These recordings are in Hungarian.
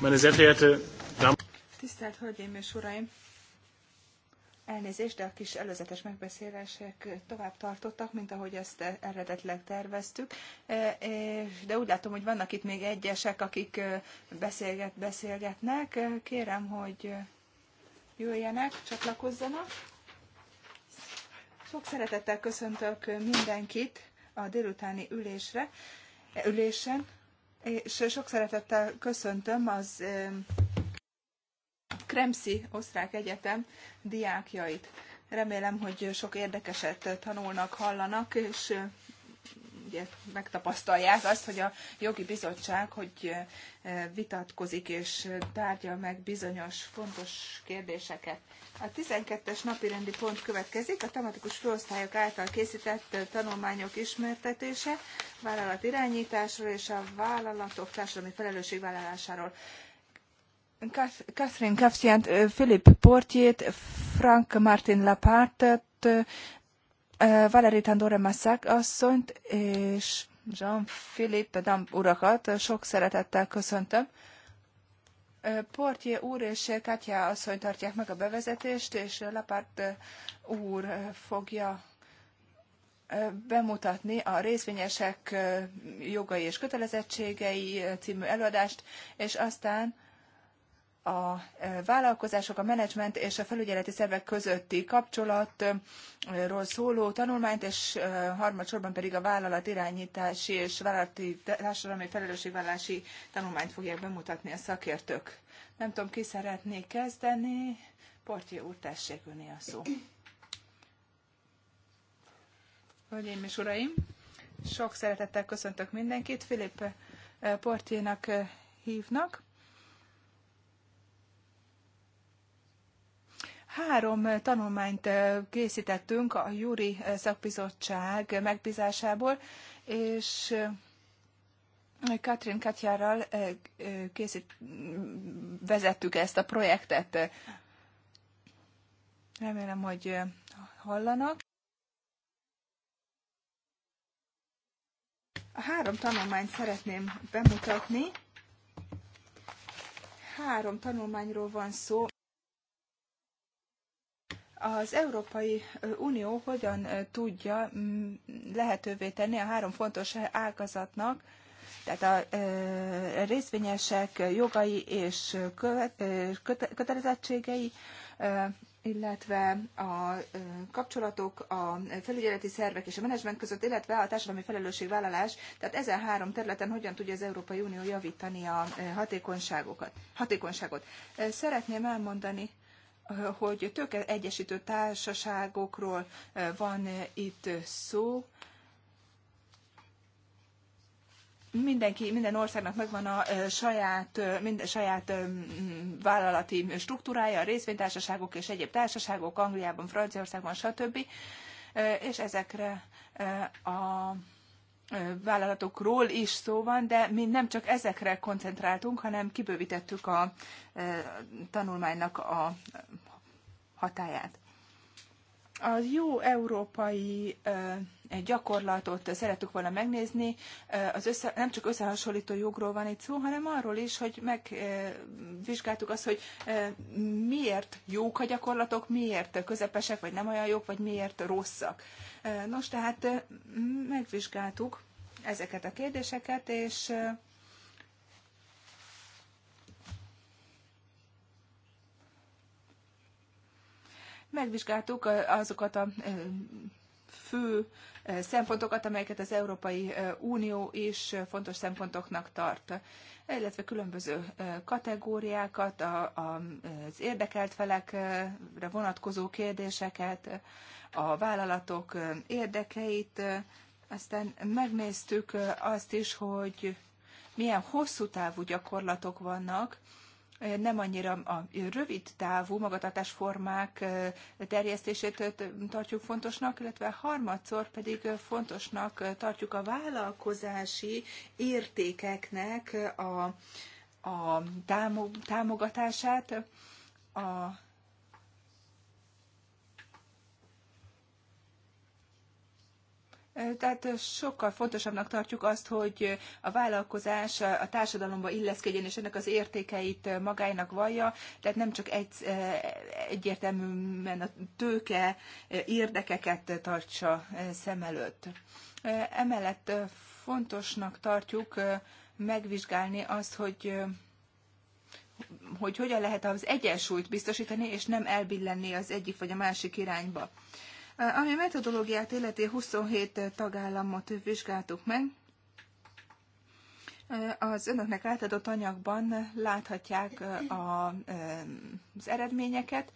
Meine sehr verehrte Damen Tisztelt Hölgyeim és Uraim! Elnézést, de a kis előzetes megbeszélések tovább tartottak, mint ahogy ezt eredetileg terveztük. E, e, de úgy látom, hogy vannak itt még egyesek, akik e, beszélget, beszélgetnek. Kérem, hogy jöjjenek, csatlakozzanak. Sok szeretettel köszöntök mindenkit a délutáni ülésre, ülésen és sok szeretettel köszöntöm az Kremszi Osztrák Egyetem diákjait. Remélem, hogy sok érdekeset tanulnak, hallanak, és ugye megtapasztalják azt, hogy a jogi bizottság, hogy eh, vitatkozik és tárgyal meg bizonyos fontos kérdéseket. A 12-es napirendi pont következik, a tematikus főosztályok által készített eh, tanulmányok ismertetése, vállalat irányításról és a vállalatok társadalmi felelősségvállalásáról. Catherine Kafsiant, eh, Philip Portjét, Frank Martin Lapartet Valeri Tandore Masszák asszonyt és Jean-Philippe Damp urakat sok szeretettel köszöntöm. Portje úr és Katya asszony tartják meg a bevezetést, és Lapart úr fogja bemutatni a részvényesek jogai és kötelezettségei című előadást, és aztán a e, vállalkozások, a menedzsment és a felügyeleti szervek közötti kapcsolatról szóló tanulmányt, és e, harmadsorban pedig a vállalat irányítási és vállalati társadalmi felelősségvállalási tanulmányt fogják bemutatni a szakértők. Nem tudom, ki szeretné kezdeni. Portjé úr, tessék öné a szó. Hölgyeim és uraim, sok szeretettel köszöntök mindenkit. Filip e, Portjénak hívnak Három eh, tanulmányt eh, készítettünk a Júri eh, Szakbizottság megbízásából, és Katrin Katyárral készít, vezettük ezt a projektet. Remélem, hogy hallanak. A három tanulmányt szeretném bemutatni. Három tanulmányról van szó az Európai Unió hogyan tudja lehetővé tenni a három fontos ágazatnak, tehát a részvényesek jogai és kötelezettségei, illetve a kapcsolatok a felügyeleti szervek és a menedzsment között, illetve a társadalmi felelősségvállalás, tehát ezen három területen hogyan tudja az Európai Unió javítani a hatékonyságokat, hatékonyságot. Szeretném elmondani, hogy tőke egyesítő társaságokról eh, van eh, itt szó. Mindenki, minden országnak megvan a eh, saját, mind, saját vállalati struktúrája, a részvénytársaságok és egyéb társaságok, Angliában, Franciaországban, stb. És ezekre a vállalatokról is szó van, de mi nem csak ezekre koncentráltunk, hanem kibővítettük a tanulmánynak a hatáját. Az jó európai gyakorlatot szerettük volna megnézni. Az össze, nem csak összehasonlító jogról van itt szó, hanem arról is, hogy megvizsgáltuk azt, hogy miért jók a gyakorlatok, miért közepesek, vagy nem olyan jók, vagy miért rosszak. Nos, tehát megvizsgáltuk ezeket a kérdéseket, és Megvizsgáltuk azokat a fő szempontokat, amelyeket az Európai Unió is fontos szempontoknak tart, illetve különböző kategóriákat, az érdekelt felekre vonatkozó kérdéseket, a vállalatok érdekeit, aztán megnéztük azt is, hogy milyen hosszú távú gyakorlatok vannak, nem annyira a rövid távú magatartásformák terjesztését tartjuk fontosnak, illetve harmadszor pedig fontosnak tartjuk a vállalkozási értékeknek a, a támogatását, a Tehát sokkal fontosabbnak tartjuk azt, hogy a vállalkozás a társadalomba illeszkedjen, és ennek az értékeit magának vallja, tehát nem csak egy, egyértelműen a tőke érdekeket tartsa szem előtt. Emellett fontosnak tartjuk megvizsgálni azt, hogy hogy hogyan lehet az egyensúlyt biztosítani, és nem elbillenni az egyik vagy a másik irányba. Ami a metodológiát illeti 27 tagállamot vizsgáltuk meg. Az önöknek átadott anyagban láthatják az eredményeket,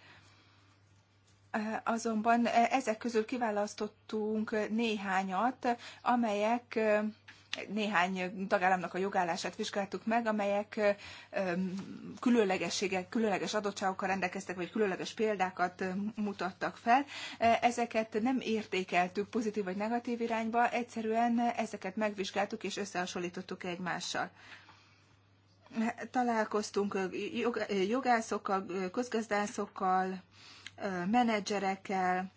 azonban ezek közül kiválasztottunk néhányat, amelyek néhány tagállamnak a jogállását vizsgáltuk meg, amelyek különlegességek, különleges adottságokkal rendelkeztek, vagy különleges példákat mutattak fel. Ezeket nem értékeltük pozitív vagy negatív irányba, egyszerűen ezeket megvizsgáltuk és összehasonlítottuk egymással találkoztunk jogászokkal, közgazdászokkal, menedzserekkel,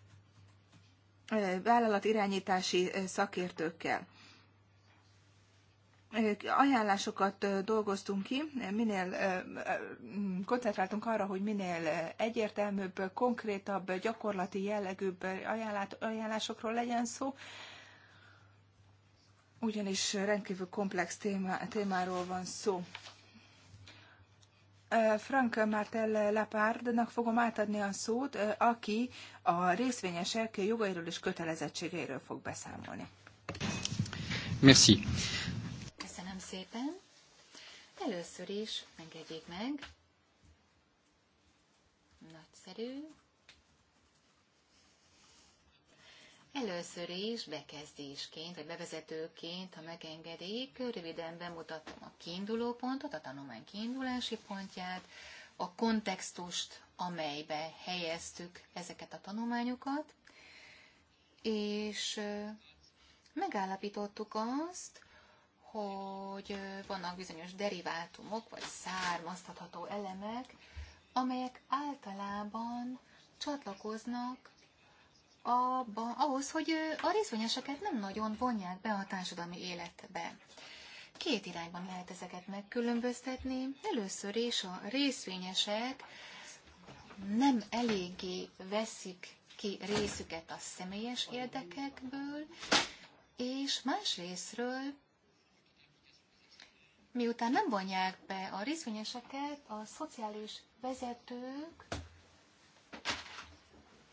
vállalatirányítási szakértőkkel ajánlásokat dolgoztunk ki, minél koncentráltunk arra, hogy minél egyértelműbb, konkrétabb, gyakorlati jellegűbb ajánlásokról legyen szó, ugyanis rendkívül komplex témá, témáról van szó. Frank Martel Lapardnak fogom átadni a szót, aki a részvényesek jogairól és kötelezettségeiről fog beszámolni. Merci szépen. Először is engedjék meg. Nagyszerű. Először is bekezdésként, vagy bevezetőként, ha megengedik, röviden bemutatom a kiinduló pontot, a tanulmány kiindulási pontját, a kontextust, amelybe helyeztük ezeket a tanulmányokat, és megállapítottuk azt, hogy vannak bizonyos derivátumok, vagy származtatható elemek, amelyek általában csatlakoznak abba, ahhoz, hogy a részvényeseket nem nagyon vonják be a társadalmi életbe. Két irányban lehet ezeket megkülönböztetni. Először is a részvényesek nem eléggé veszik ki részüket a személyes érdekekből, és másrésztről miután nem vonják be a részvényeseket, a szociális vezetők,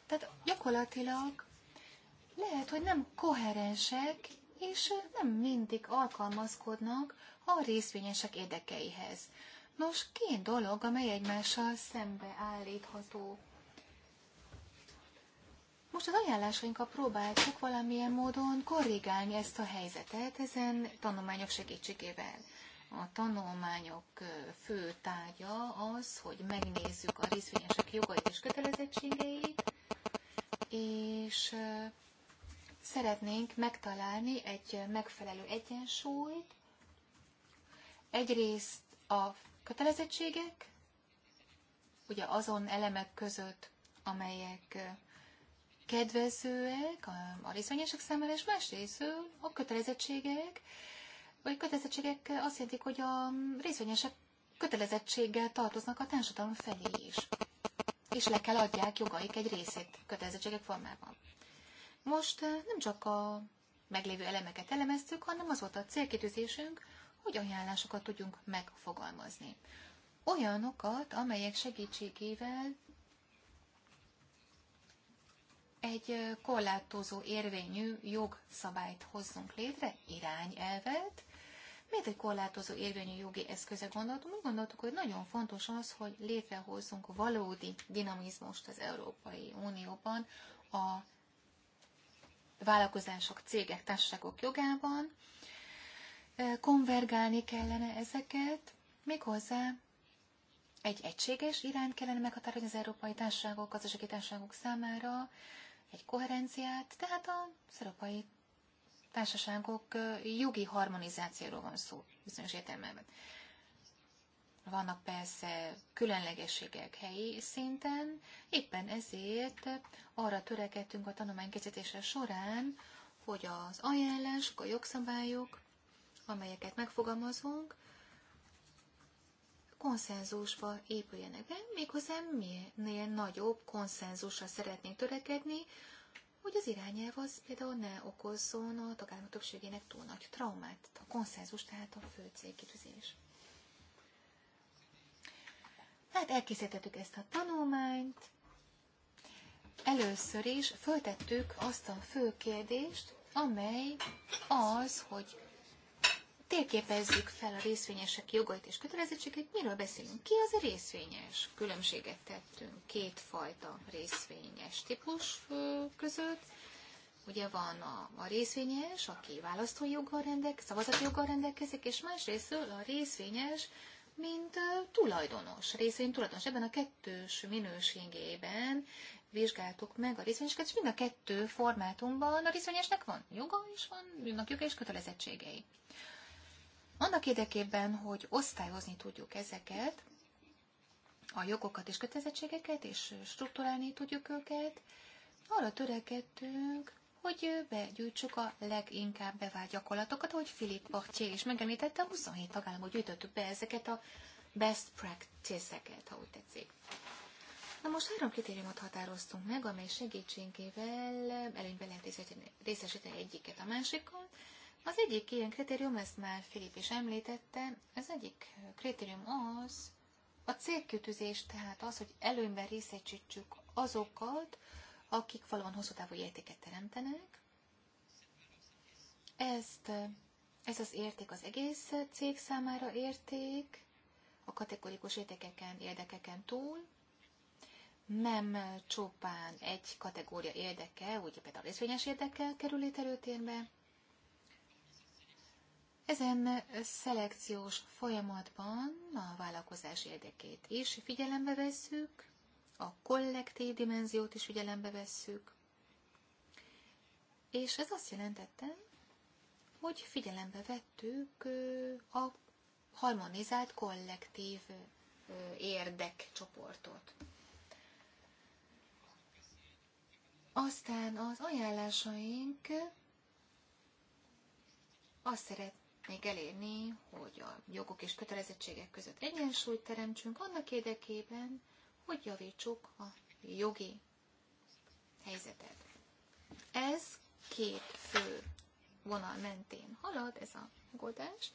tehát gyakorlatilag lehet, hogy nem koherensek, és nem mindig alkalmazkodnak a részvényesek érdekeihez. Nos, két dolog, amely egymással szembe állítható. Most az ajánlásainkkal próbáltuk valamilyen módon korrigálni ezt a helyzetet ezen tanulmányok segítségével. A tanulmányok fő tárgya az, hogy megnézzük a részvényesek jogait és kötelezettségeit, és szeretnénk megtalálni egy megfelelő egyensúlyt. Egyrészt a kötelezettségek, ugye azon elemek között, amelyek kedvezőek a részvényesek számára, és másrészt a kötelezettségek, vagy kötelezettségek azt jelentik, hogy a részvényesek kötelezettséggel tartoznak a társadalom felé is, és le kell adják jogaik egy részét kötelezettségek formában. Most eh, nem csak a meglévő elemeket elemeztük, hanem az volt a célkitűzésünk, hogy ajánlásokat tudjunk megfogalmazni. Olyanokat, amelyek segítségével egy eh, korlátozó érvényű jogszabályt hozzunk létre, irányelvet, Miért egy korlátozó érvényű jogi eszköze gondoltunk? Úgy gondoltuk, hogy nagyon fontos az, hogy létrehozzunk valódi dinamizmust az Európai Unióban a vállalkozások, cégek, társaságok jogában. Konvergálni kellene ezeket, méghozzá egy egységes irányt kellene meghatározni az európai társaságok, gazdasági társaságok számára, egy koherenciát, tehát az európai társaságok jogi harmonizációról van szó bizonyos értelmeben. Vannak persze különlegességek helyi szinten, éppen ezért arra törekedtünk a tanulmány készítése során, hogy az ajánlások, a jogszabályok, amelyeket megfogalmazunk, konszenzusba épüljenek be, méghozzá minél nagyobb konszenzusra szeretnénk törekedni hogy az irányelv az például ne okozzon a tagállamok többségének túl nagy traumát. A konszenzus tehát a fő célkitűzés. Tehát elkészítettük ezt a tanulmányt. Először is föltettük azt a fő kérdést, amely az, hogy térképezzük fel a részvényesek jogait és kötelezettségeit, miről beszélünk? Ki az a részvényes? Különbséget tettünk kétfajta részvényes típus között. Ugye van a, a részvényes, aki választójoggal rendelkezik, joggal rendelkezik, és másrészt a részvényes, mint tulajdonos, részvény tulajdonos. Ebben a kettős minőségében vizsgáltuk meg a részvényeseket, és mind a kettő formátumban a részvényesnek van joga, és van, vannak joga és kötelezettségei. Annak érdekében, hogy osztályozni tudjuk ezeket, a jogokat és kötelezettségeket, és strukturálni tudjuk őket, arra törekedtünk, hogy begyűjtsük a leginkább bevált gyakorlatokat, ahogy Philip Bartier is megemlítette, a 27 tagállamot gyűjtöttük be ezeket a best practice-eket, ha úgy tetszik. Na most három kritériumot határoztunk meg, amely segítségével előnybe lehet részesíteni egyiket a másikkal. Az egyik ilyen kritérium, ezt már Filip is említette, az egyik kritérium az, a célkütőzés, tehát az, hogy előnyben részesítsük azokat, akik valóban hosszú távú értéket teremtenek. Ezt, ez az érték az egész cég számára érték, a kategorikus értékeken, érdekeken túl, nem csupán egy kategória érdeke, úgy például a részvényes érdeke kerül itt előtérbe, ezen szelekciós folyamatban a vállalkozás érdekét is figyelembe vesszük, a kollektív dimenziót is figyelembe vesszük, és ez azt jelentette, hogy figyelembe vettük a harmonizált kollektív érdekcsoportot. Aztán az ajánlásaink azt szeret, még elérni, hogy a jogok és kötelezettségek között egyensúlyt teremtsünk annak érdekében, hogy javítsuk a jogi helyzetet. Ez két fő vonal mentén halad ez a megoldás.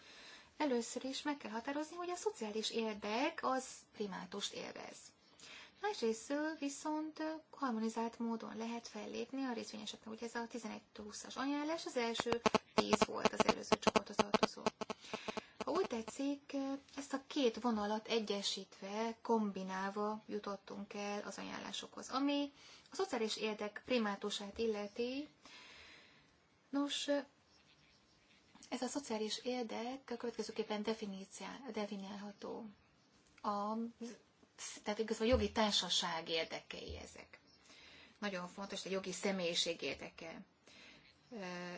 Először is meg kell határozni, hogy a szociális érdek az primátust élvez. Másrészt viszont harmonizált módon lehet fellépni a részvényeseknek. hogy ez a 11-20-as ajánlás az első 10 volt az előző csoporthoz tartozó. Ha úgy tetszik, ezt a két vonalat egyesítve, kombinálva jutottunk el az ajánlásokhoz, ami a szociális érdek primátusát illeti. Nos, ez a szociális érdek következőképpen definiálható. A, tehát igazából a jogi társaság érdekei ezek. Nagyon fontos, a jogi személyiség érdeke.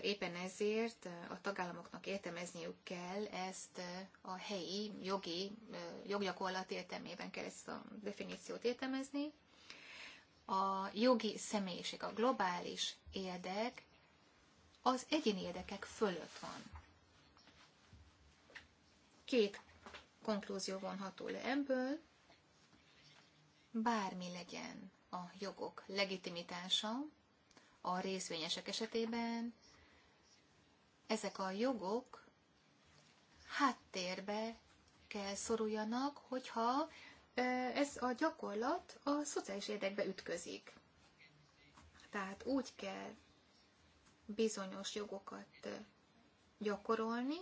Éppen ezért a tagállamoknak értelmezniük kell ezt a helyi jogi, joggyakorlat értelmében kell ezt a definíciót értelmezni. A jogi személyiség, a globális érdek az egyéni érdekek fölött van. Két konklúzió vonható le ebből. Bármi legyen a jogok legitimitása, a részvényesek esetében ezek a jogok háttérbe kell szoruljanak, hogyha ez a gyakorlat a szociális érdekbe ütközik. Tehát úgy kell bizonyos jogokat gyakorolni,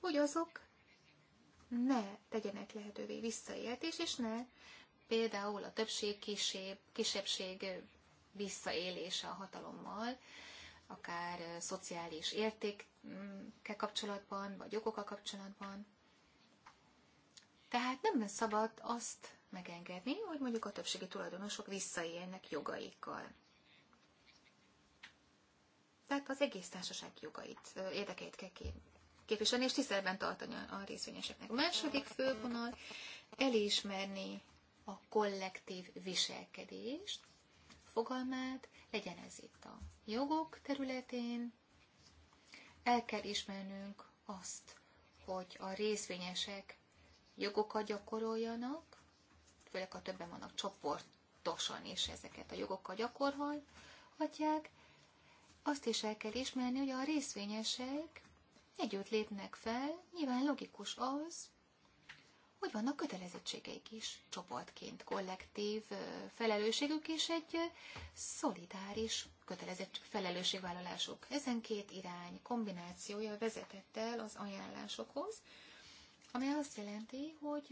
hogy azok ne tegyenek lehetővé visszaéltés, és ne például a többség kisebb, kisebbség visszaélése a hatalommal, akár szociális értékkel kapcsolatban, vagy jogokkal kapcsolatban. Tehát nem lesz szabad azt megengedni, hogy mondjuk a többségi tulajdonosok visszaélnek jogaikkal. Tehát az egész társaság jogait, érdekeit kell képviselni, és tiszteletben tartani a részvényeseknek. A második fővonal elismerni a kollektív viselkedést, fogalmát, legyen ez itt a jogok területén. El kell ismernünk azt, hogy a részvényesek jogokat gyakoroljanak, főleg a többen vannak csoportosan, és ezeket a jogokat gyakorolhatják, azt is el kell ismerni, hogy a részvényesek együtt lépnek fel, nyilván logikus az, hogy vannak kötelezettségeik is, csoportként, kollektív felelősségük és egy szolidáris kötelezettség felelősségvállalásuk. Ezen két irány kombinációja vezetett el az ajánlásokhoz, ami azt jelenti, hogy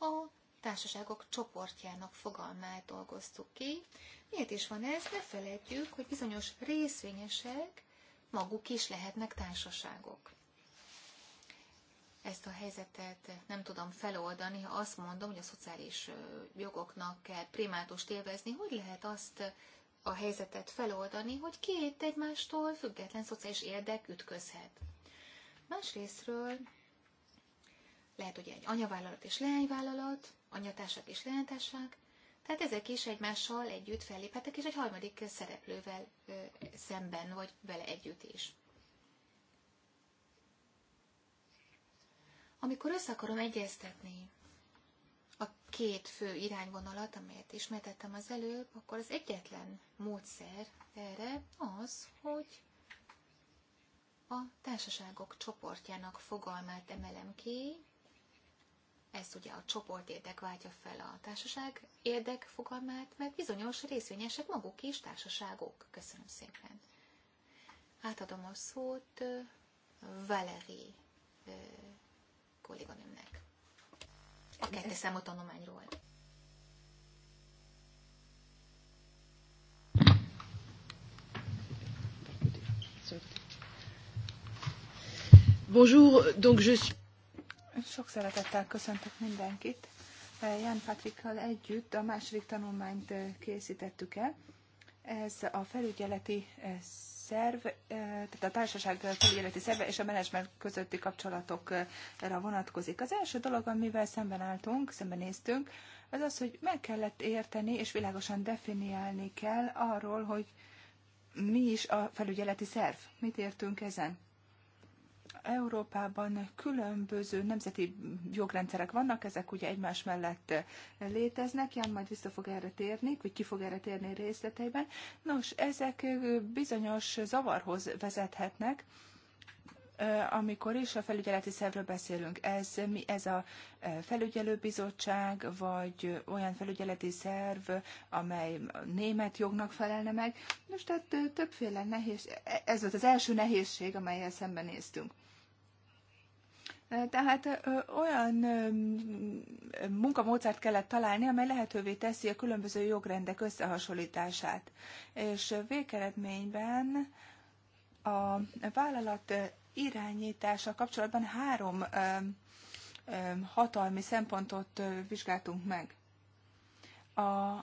a társaságok csoportjának fogalmát dolgoztuk ki. Miért is van ez? Ne felejtjük, hogy bizonyos részvényesek maguk is lehetnek társaságok ezt a helyzetet nem tudom feloldani, ha azt mondom, hogy a szociális jogoknak kell primátust élvezni, hogy lehet azt a helyzetet feloldani, hogy két egymástól független szociális érdek ütközhet. Másrésztről lehet ugye egy anyavállalat és leányvállalat, anyatársak és leánytársak, tehát ezek is egymással együtt felléphetek, és egy harmadik szereplővel szemben, vagy vele együtt is. Amikor össze akarom egyeztetni a két fő irányvonalat, amelyet ismertettem az előbb, akkor az egyetlen módszer erre az, hogy a társaságok csoportjának fogalmát emelem ki, ezt ugye a csoportérdek váltja fel a társaság érdek fogalmát, mert bizonyos részvényesek maguk is társaságok. Köszönöm szépen. Átadom a szót Valerie kolléganőmnek. A kettes számú tanulmányról. Bonjour, donc je suis... Sok szeretettel köszöntök mindenkit. Jan Patrikkal együtt a második tanulmányt eh, készítettük el. Ez a felügyeleti eh, szerv, tehát a társaság felügyeleti szerve és a menedzsment közötti kapcsolatokra vonatkozik. Az első dolog, amivel szemben álltunk, szembenéztünk, az az, hogy meg kellett érteni és világosan definiálni kell arról, hogy mi is a felügyeleti szerv. Mit értünk ezen? Európában különböző nemzeti jogrendszerek vannak, ezek ugye egymás mellett léteznek, Jan majd vissza fog erre térni, vagy ki fog erre térni részleteiben. Nos, ezek bizonyos zavarhoz vezethetnek, amikor is a felügyeleti szervről beszélünk. Ez, mi, ez a felügyelőbizottság, vagy olyan felügyeleti szerv, amely német jognak felelne meg. Most tehát többféle nehéz, e, ez volt az első nehézség, amelyel szembenéztünk. Tehát olyan munkamódszert kellett találni, amely lehetővé teszi a különböző jogrendek összehasonlítását. És végeredményben a vállalat irányítása kapcsolatban három hatalmi szempontot vizsgáltunk meg. A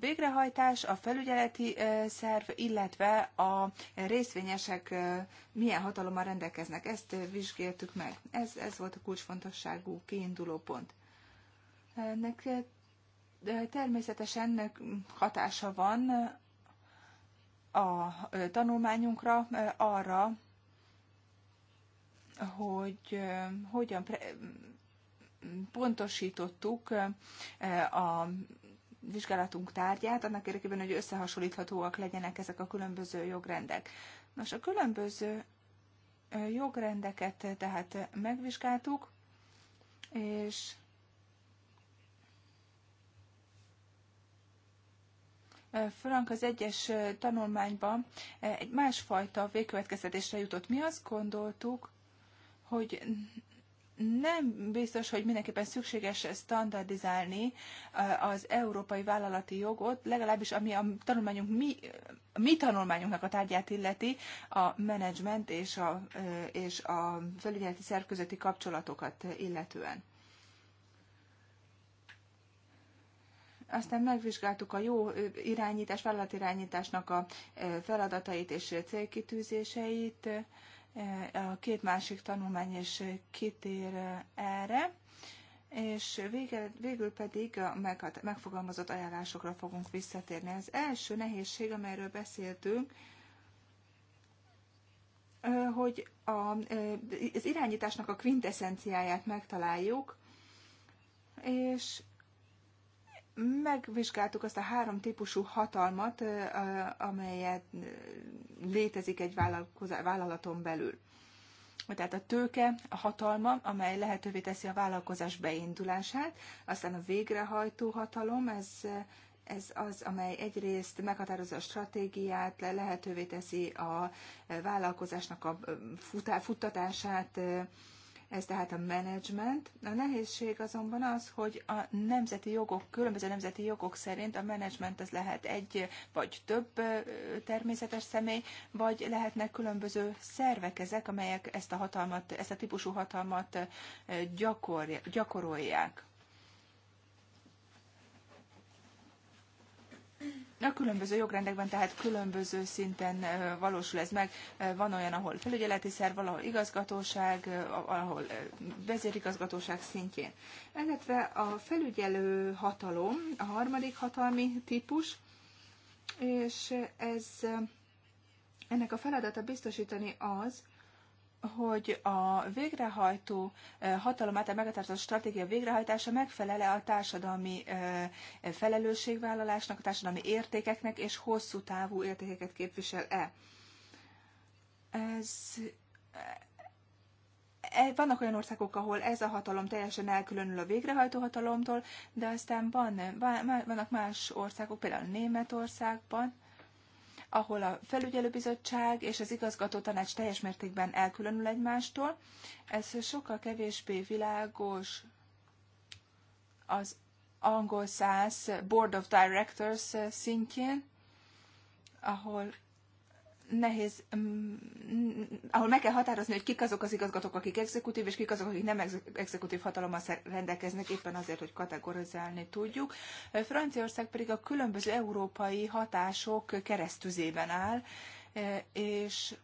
végrehajtás, a felügyeleti szerv, illetve a részvényesek milyen hatalommal rendelkeznek. Ezt vizsgáltuk meg. Ez, ez volt a kulcsfontosságú kiinduló pont. Ennek természetesen hatása van a tanulmányunkra arra, hogy hogyan pontosítottuk a vizsgálatunk tárgyát, annak érdekében, hogy összehasonlíthatóak legyenek ezek a különböző jogrendek. Nos, a különböző jogrendeket tehát megvizsgáltuk, és Frank az egyes tanulmányban egy másfajta végkövetkeztetésre jutott. Mi azt gondoltuk, hogy nem biztos, hogy mindenképpen szükséges standardizálni eh, az európai vállalati jogot, legalábbis ami a tanulmányunk mi, a mi tanulmányunknak a tárgyát illeti, a menedzsment és a, eh, és a felügyeleti szerv közötti kapcsolatokat illetően. Aztán megvizsgáltuk a jó eh, irányítás, vállalatirányításnak a feladatait és célkitűzéseit, a két másik tanulmány is kitér erre, és végül végül pedig a megfogalmazott ajánlásokra fogunk visszatérni. Az első nehézség, amelyről beszéltünk, hogy a, az irányításnak a quintessenciáját megtaláljuk, és megvizsgáltuk azt a három típusú hatalmat, amelyet létezik egy vállalaton belül. Tehát a tőke, a hatalma, amely lehetővé teszi a vállalkozás beindulását, aztán a végrehajtó hatalom, ez, ez az, amely egyrészt meghatározza a stratégiát, lehetővé teszi a vállalkozásnak a futá, futtatását, ez tehát a menedzsment. A nehézség azonban az, hogy a nemzeti jogok, különböző nemzeti jogok szerint a menedzsment az lehet egy vagy több természetes személy, vagy lehetnek különböző szervek ezek, amelyek ezt a hatalmat, ezt a típusú hatalmat gyakorolják. A különböző jogrendekben tehát különböző szinten valósul ez meg. Van olyan, ahol felügyeleti szerv, valahol igazgatóság, ahol vezérigazgatóság szintjén. Illetve a felügyelő hatalom, a harmadik hatalmi típus, és ez ennek a feladata biztosítani az, hogy a végrehajtó hatalom által megtartott stratégia végrehajtása megfelele a társadalmi felelősségvállalásnak, a társadalmi értékeknek és hosszú távú értékeket képvisel-e. Ez e, vannak olyan országok, ahol ez a hatalom teljesen elkülönül a végrehajtó hatalomtól, de aztán van, vannak más országok, például Németországban, ahol a felügyelőbizottság és az igazgató tanács teljes mértékben elkülönül egymástól. Ez sokkal kevésbé világos az angol száz Board of Directors szintjén, ahol nehéz, mm, mm, ahol meg kell határozni, hogy kik azok az igazgatók, akik exekutív, és kik azok, akik nem exekutív hatalommal rendelkeznek, éppen azért, hogy kategorizálni tudjuk. Franciaország pedig a különböző európai hatások keresztüzében áll, és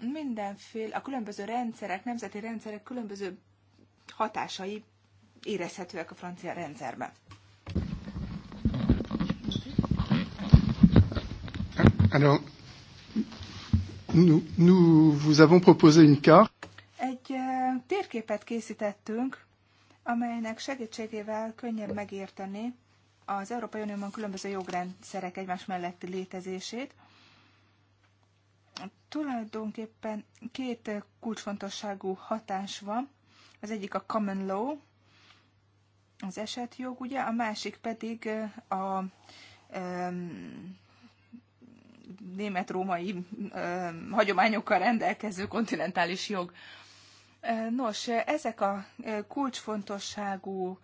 mindenféle, a különböző rendszerek, nemzeti rendszerek különböző hatásai érezhetőek a francia rendszerben. I don't nous, nous vous avons proposé une carte. Egy térképet készítettünk, amelynek segítségével könnyebb megérteni az Európai Unióban különböző jogrendszerek egymás melletti létezését. Tulajdonképpen két kulcsfontosságú hatás van. Az egyik a common law, az esetjog, ugye, a másik pedig a, a, a német-római hagyományokkal rendelkező kontinentális jog. Nos, ezek a kulcsfontosságú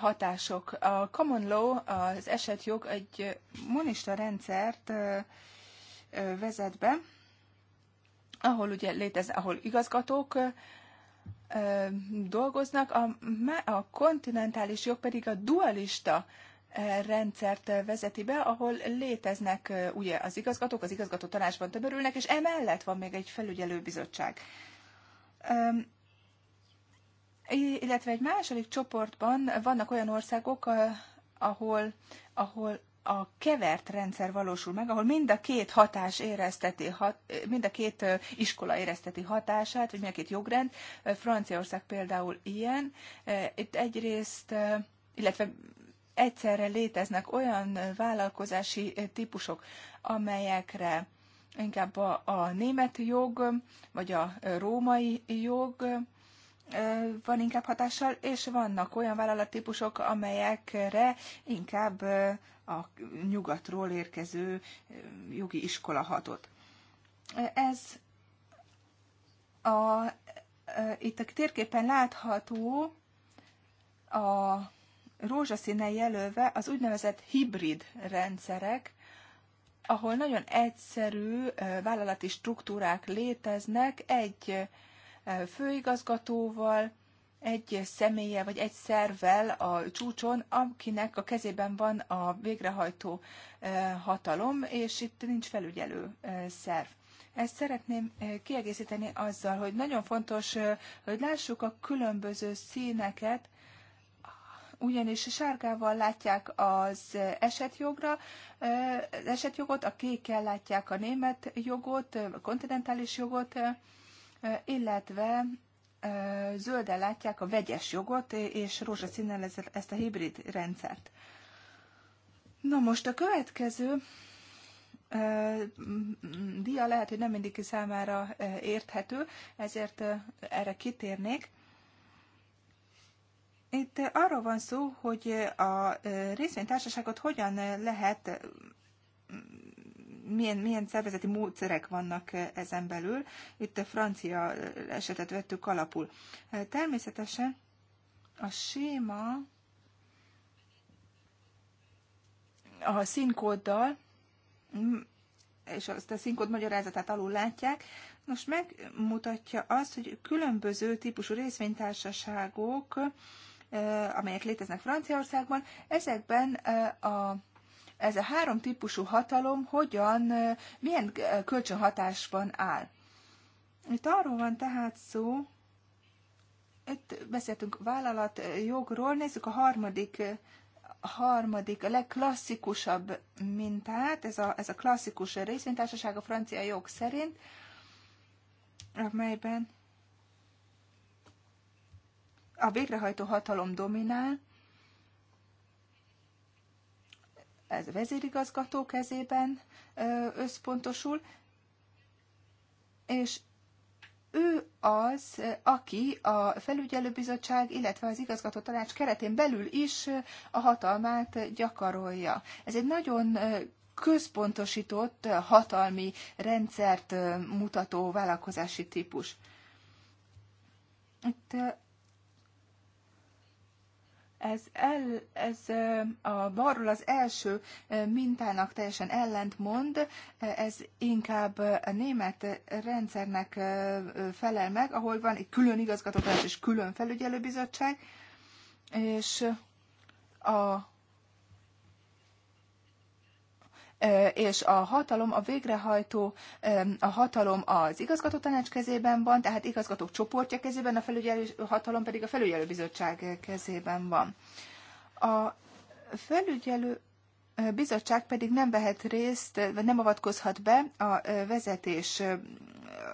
hatások. A common law, az esetjog egy monista rendszert vezet be, ahol ugye létez, ahol igazgatók dolgoznak, a, a kontinentális jog pedig a dualista rendszert vezeti be, ahol léteznek ugye az igazgatók, az igazgató tanácsban töbörülnek, és emellett van még egy felügyelőbizottság. Illetve egy második csoportban vannak olyan országok, ahol, ahol a kevert rendszer valósul meg, ahol mind a két hatás érezteti, hat, mind a két iskola érezteti hatását, vagy mind a két jogrend. Franciaország például ilyen. Itt egyrészt, illetve egyszerre léteznek olyan vállalkozási típusok, amelyekre inkább a, a német jog, vagy a római jog van inkább hatással, és vannak olyan vállalattípusok, amelyekre inkább a nyugatról érkező jogi iskola hatott. Ez a, itt a térképen látható a rózsaszínen jelölve az úgynevezett hibrid rendszerek, ahol nagyon egyszerű vállalati struktúrák léteznek egy főigazgatóval, egy személye vagy egy szervvel a csúcson, akinek a kezében van a végrehajtó hatalom, és itt nincs felügyelő szerv. Ezt szeretném kiegészíteni azzal, hogy nagyon fontos, hogy lássuk a különböző színeket, ugyanis sárgával látják az esetjogra, az esetjogot, a kékkel látják a német jogot, a kontinentális jogot, illetve zölden látják a vegyes jogot, és rózsaszínnel ezt a hibrid rendszert. Na most a következő dia lehet, hogy nem mindig számára érthető, ezért erre kitérnék. Itt arról van szó, hogy a részvénytársaságot hogyan lehet, milyen, milyen szervezeti módszerek vannak ezen belül. Itt a francia esetet vettük alapul. Természetesen a séma a színkóddal, és azt a színkód magyarázatát alul látják, most megmutatja azt, hogy különböző típusú részvénytársaságok amelyek léteznek Franciaországban, ezekben a ez a három típusú hatalom hogyan, milyen kölcsönhatásban áll. Itt arról van tehát szó, itt beszéltünk jogról. nézzük a harmadik, a harmadik, a legklasszikusabb mintát, ez a, ez a klasszikus részvénytársaság a francia jog szerint, amelyben a végrehajtó hatalom dominál, ez a vezérigazgató kezében összpontosul, és ő az, aki a felügyelőbizottság, illetve az igazgató tanács keretén belül is a hatalmát gyakorolja. Ez egy nagyon központosított hatalmi rendszert mutató vállalkozási típus. Itt ez, el, ez a barról az első mintának teljesen ellentmond, ez inkább a német rendszernek felel meg, ahol van egy külön igazgatótanács és külön felügyelőbizottság, és a és a hatalom, a végrehajtó, a hatalom az igazgató tanács kezében van, tehát igazgatók csoportja kezében, a felügyelő hatalom pedig a felügyelőbizottság kezében van. A felügyelő bizottság pedig nem vehet részt, vagy nem avatkozhat be a vezetés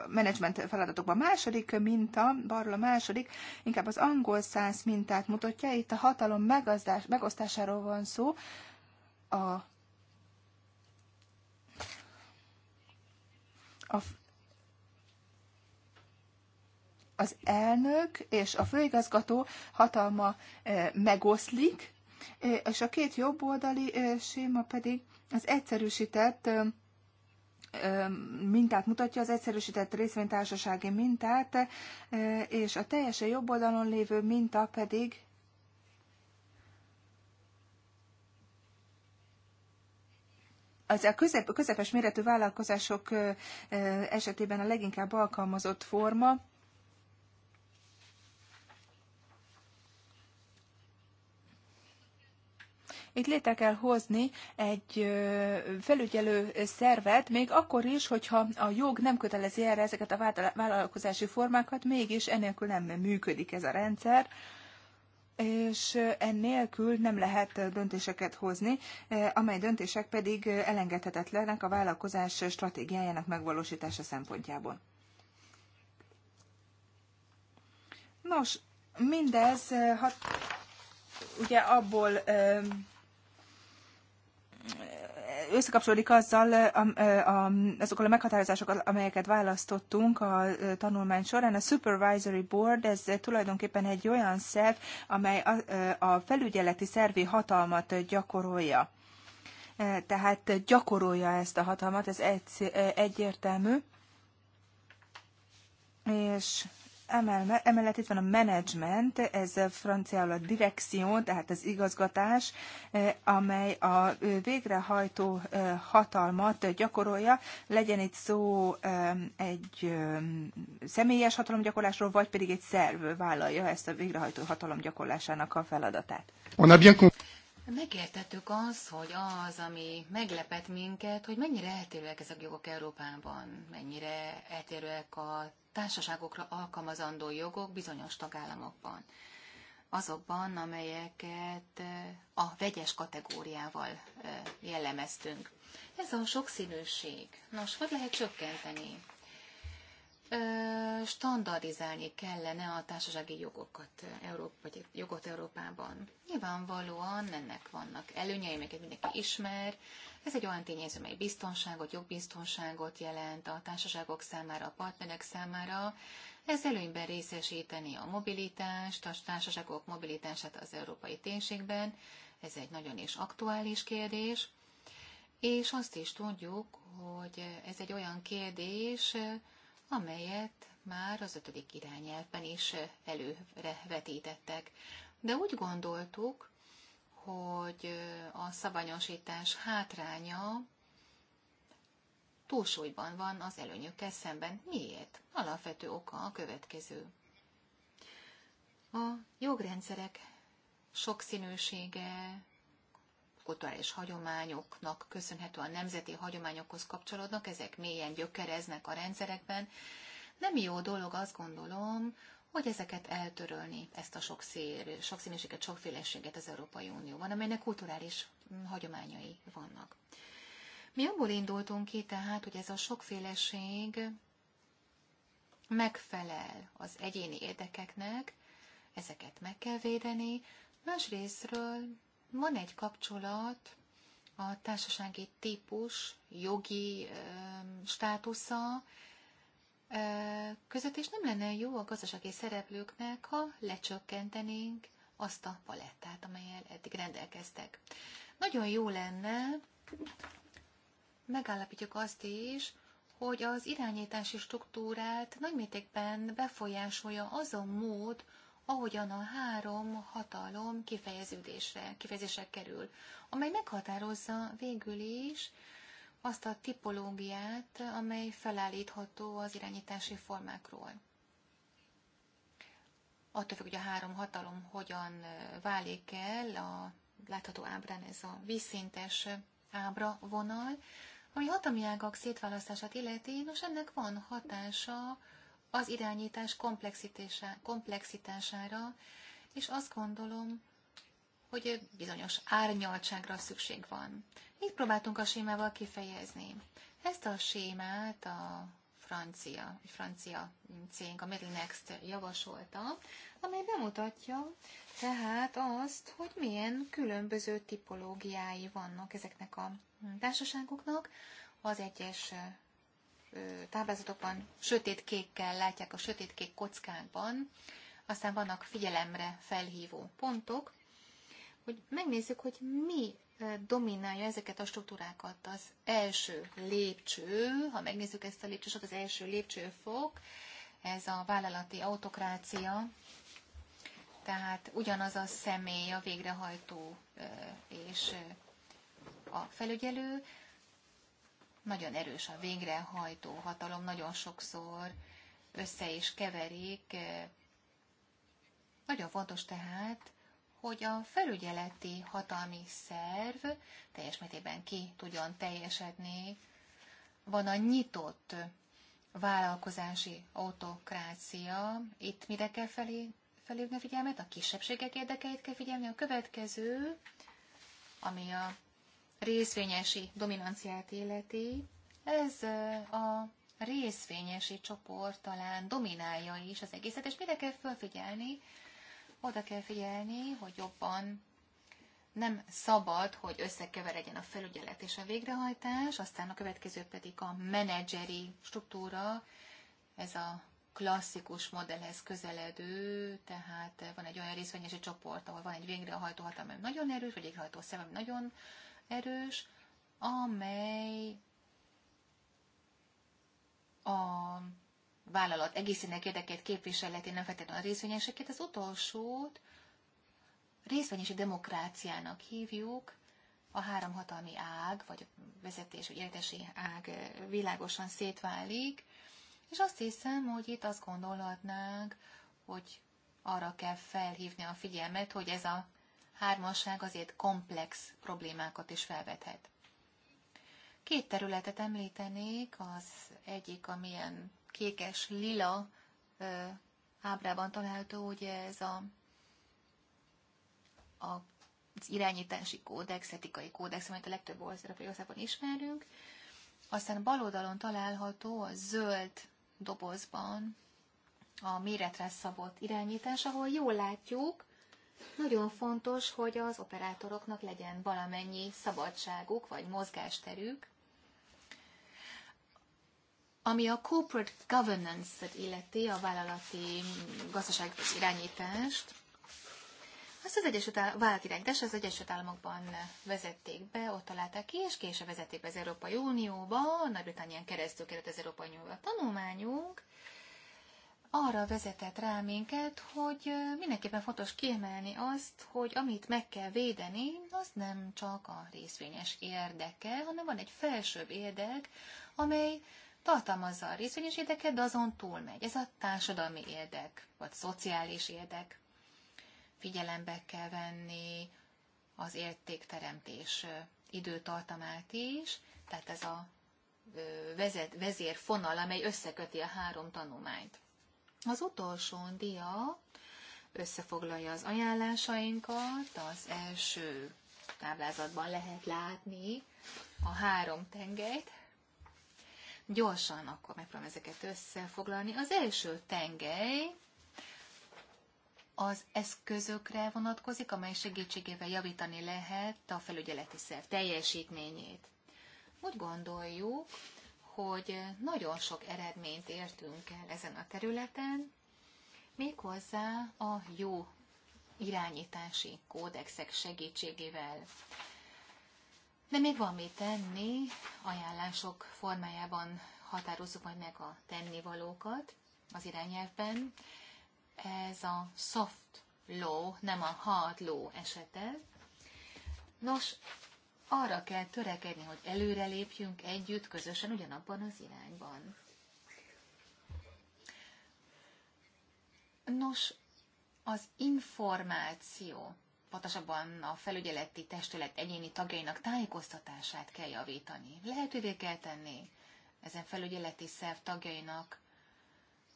menedzsment feladatokban. Második minta, balról a második, inkább az angol száz mintát mutatja. Itt a hatalom megosztásáról van szó, a A, az elnök és a főigazgató hatalma e, megoszlik, e, és a két jobboldali e, séma pedig az egyszerűsített mintát mutatja, az egyszerűsített részvénytársasági mintát, és a teljesen jobb oldalon lévő minta pedig az a közep, közepes méretű vállalkozások esetében a leginkább alkalmazott forma, itt létre kell hozni egy felügyelő szervet, még akkor is, hogyha a jog nem kötelezi erre ezeket a vállalkozási formákat, mégis enélkül nem működik ez a rendszer és ennélkül nem lehet döntéseket hozni, e, amely döntések pedig elengedhetetlenek a vállalkozás stratégiájának megvalósítása szempontjából. Nos, mindez e, hat, ugye abból e, összekapcsolódik azzal a, a, azokkal a meghatározásokkal, amelyeket választottunk a tanulmány során. A Supervisory Board, ez tulajdonképpen egy olyan szerv, amely a, a felügyeleti szervi hatalmat gyakorolja. Tehát gyakorolja ezt a hatalmat, ez egy, egyértelmű. És Emellett itt van a management, ez francia a direkció, tehát az igazgatás, eh, amely a végrehajtó eh, hatalmat gyakorolja, legyen itt szó eh, egy személyes hatalomgyakorlásról, vagy pedig egy szerv vállalja ezt a végrehajtó feladatát. On a feladatát. Megértettük az, hogy az, ami meglepet minket, hogy mennyire eltérőek ezek a jogok Európában, mennyire eltérőek a társaságokra alkalmazandó jogok bizonyos tagállamokban. Azokban, amelyeket eh, a vegyes kategóriával eh, jellemeztünk. Ez a sokszínűség. Nos, hogy lehet csökkenteni? standardizálni kellene a társasági jogokat, Európa, vagy jogot Európában. Nyilvánvalóan ennek vannak előnyei, amiket mindenki ismer. Ez egy olyan tényező, mely biztonságot, jogbiztonságot jelent a társaságok számára, a partnerek számára. Ez előnyben részesíteni a mobilitást, a társaságok mobilitását az európai térségben. Ez egy nagyon is aktuális kérdés. És azt is tudjuk, hogy ez egy olyan kérdés, amelyet már az ötödik irányelvben is előre vetítettek. De úgy gondoltuk, hogy a szabanyosítás hátránya túlsúlyban van az előnyökkel szemben. Miért? Alapvető oka a következő. A jogrendszerek sokszínűsége, kulturális hagyományoknak köszönhető a nemzeti hagyományokhoz kapcsolódnak, ezek mélyen gyökereznek a rendszerekben. Nem jó dolog azt gondolom, hogy ezeket eltörölni, ezt a sokszír, sokszínűséget, sokféleséget az Európai Unióban, amelynek kulturális hagyományai vannak. Mi abból indultunk ki tehát, hogy ez a sokféleség megfelel az egyéni érdekeknek, ezeket meg kell védeni, másrésztről van egy kapcsolat a társasági típus, jogi ö, státusza ö, között, és nem lenne jó a gazdasági szereplőknek, ha lecsökkentenénk azt a palettát, amelyel eddig rendelkeztek. Nagyon jó lenne, megállapítjuk azt is, hogy az irányítási struktúrát nagymértékben befolyásolja az a mód, ahogyan a három hatalom kifejeződésre, kifejezésre kerül, amely meghatározza végül is azt a tipológiát, amely felállítható az irányítási formákról. Attól függ, hogy a három hatalom hogyan válik el, a látható ábrán ez a vízszintes ábra vonal, ami hatalmi ágak szétválasztását illeti, nos ennek van hatása az irányítás komplexitására, és azt gondolom, hogy bizonyos árnyaltságra szükség van. Így próbáltunk a sémával kifejezni. Ezt a sémát a francia, egy francia cég, a Next javasolta, amely bemutatja tehát azt, hogy milyen különböző tipológiái vannak ezeknek a társaságoknak, az egyes táblázatokban sötétkékkel látják a sötétkék kockákban, aztán vannak figyelemre felhívó pontok, hogy megnézzük, hogy mi dominálja ezeket a struktúrákat. Az első lépcső, ha megnézzük ezt a lépcsősort, az első lépcsőfok, ez a vállalati autokrácia, tehát ugyanaz a személy, a végrehajtó és a felügyelő, nagyon erős a végrehajtó hatalom, nagyon sokszor össze is keverik. Nagyon fontos tehát, hogy a felügyeleti hatalmi szerv teljes mértékben ki tudjon teljesedni. Van a nyitott vállalkozási autokrácia. Itt mire kell felé, felülni a figyelmet? A kisebbségek érdekeit kell figyelni. A következő, ami a részvényesi dominanciát életi, ez a részvényesi csoport talán dominálja is az egészet, és mire kell felfigyelni? Oda kell figyelni, hogy jobban nem szabad, hogy összekeveredjen a felügyelet és a végrehajtás, aztán a következő pedig a menedzseri struktúra, ez a klasszikus modellhez közeledő, tehát van egy olyan részvényesi csoport, ahol van egy végrehajtó hatalma, ami nagyon erős, vagy egy végrehajtó szem, ami nagyon erős, amely a vállalat egészének érdekét képviseleti, nem feltétlenül a részvényeseket. Az utolsót részvényesi demokráciának hívjuk, a három hatalmi ág, vagy a vezetés, vagy életesi ág világosan szétválik, és azt hiszem, hogy itt azt gondolhatnánk, hogy arra kell felhívni a figyelmet, hogy ez a hármasság azért komplex problémákat is felvethet. Két területet említenék, az egyik, amilyen kékes lila ö, ábrában található, ugye ez a, a, az irányítási kódex, etikai kódex, amit a legtöbb európai országban ismerünk. Aztán bal oldalon található a zöld dobozban a méretre szabott irányítás, ahol jól látjuk, nagyon fontos, hogy az operátoroknak legyen valamennyi szabadságuk vagy mozgásterük, ami a corporate governance-et illeti, a vállalati gazdasági irányítást, azt az Egyesült Államok, vállalkirányítás az Egyesült Államokban vezették be, ott találták ki, és később vezették be az Európai Unióba, Nagy-Britannián keresztül került az Európai Unióba a tanulmányunk, arra vezetett rá minket, hogy mindenképpen fontos kiemelni azt, hogy amit meg kell védeni, az nem csak a részvényes érdeke, hanem van egy felsőbb érdek, amely tartalmazza a részvényes érdeket, de azon túlmegy. Ez a társadalmi érdek, vagy szociális érdek. Figyelembe kell venni az értékteremtés időtartamát is, tehát ez a vezet, vezérfonal, amely összeköti a három tanulmányt. Az utolsó dia összefoglalja az ajánlásainkat, az első táblázatban lehet látni a három tengelyt. Gyorsan akkor megpróbálom ezeket összefoglalni. Az első tengely az eszközökre vonatkozik, amely segítségével javítani lehet a felügyeleti szerv teljesítményét. Úgy gondoljuk, hogy nagyon sok eredményt értünk el ezen a területen, méghozzá a jó irányítási kódexek segítségével. De még van mit tenni, ajánlások formájában határozzuk majd meg a tennivalókat az irányelvben. Ez a soft law, nem a hard law esete. Nos, arra kell törekedni, hogy előrelépjünk együtt, közösen ugyanabban az irányban. Nos, az információ, pontosabban a felügyeleti testület egyéni tagjainak tájékoztatását kell javítani. Lehetővé kell tenni ezen felügyeleti szerv tagjainak,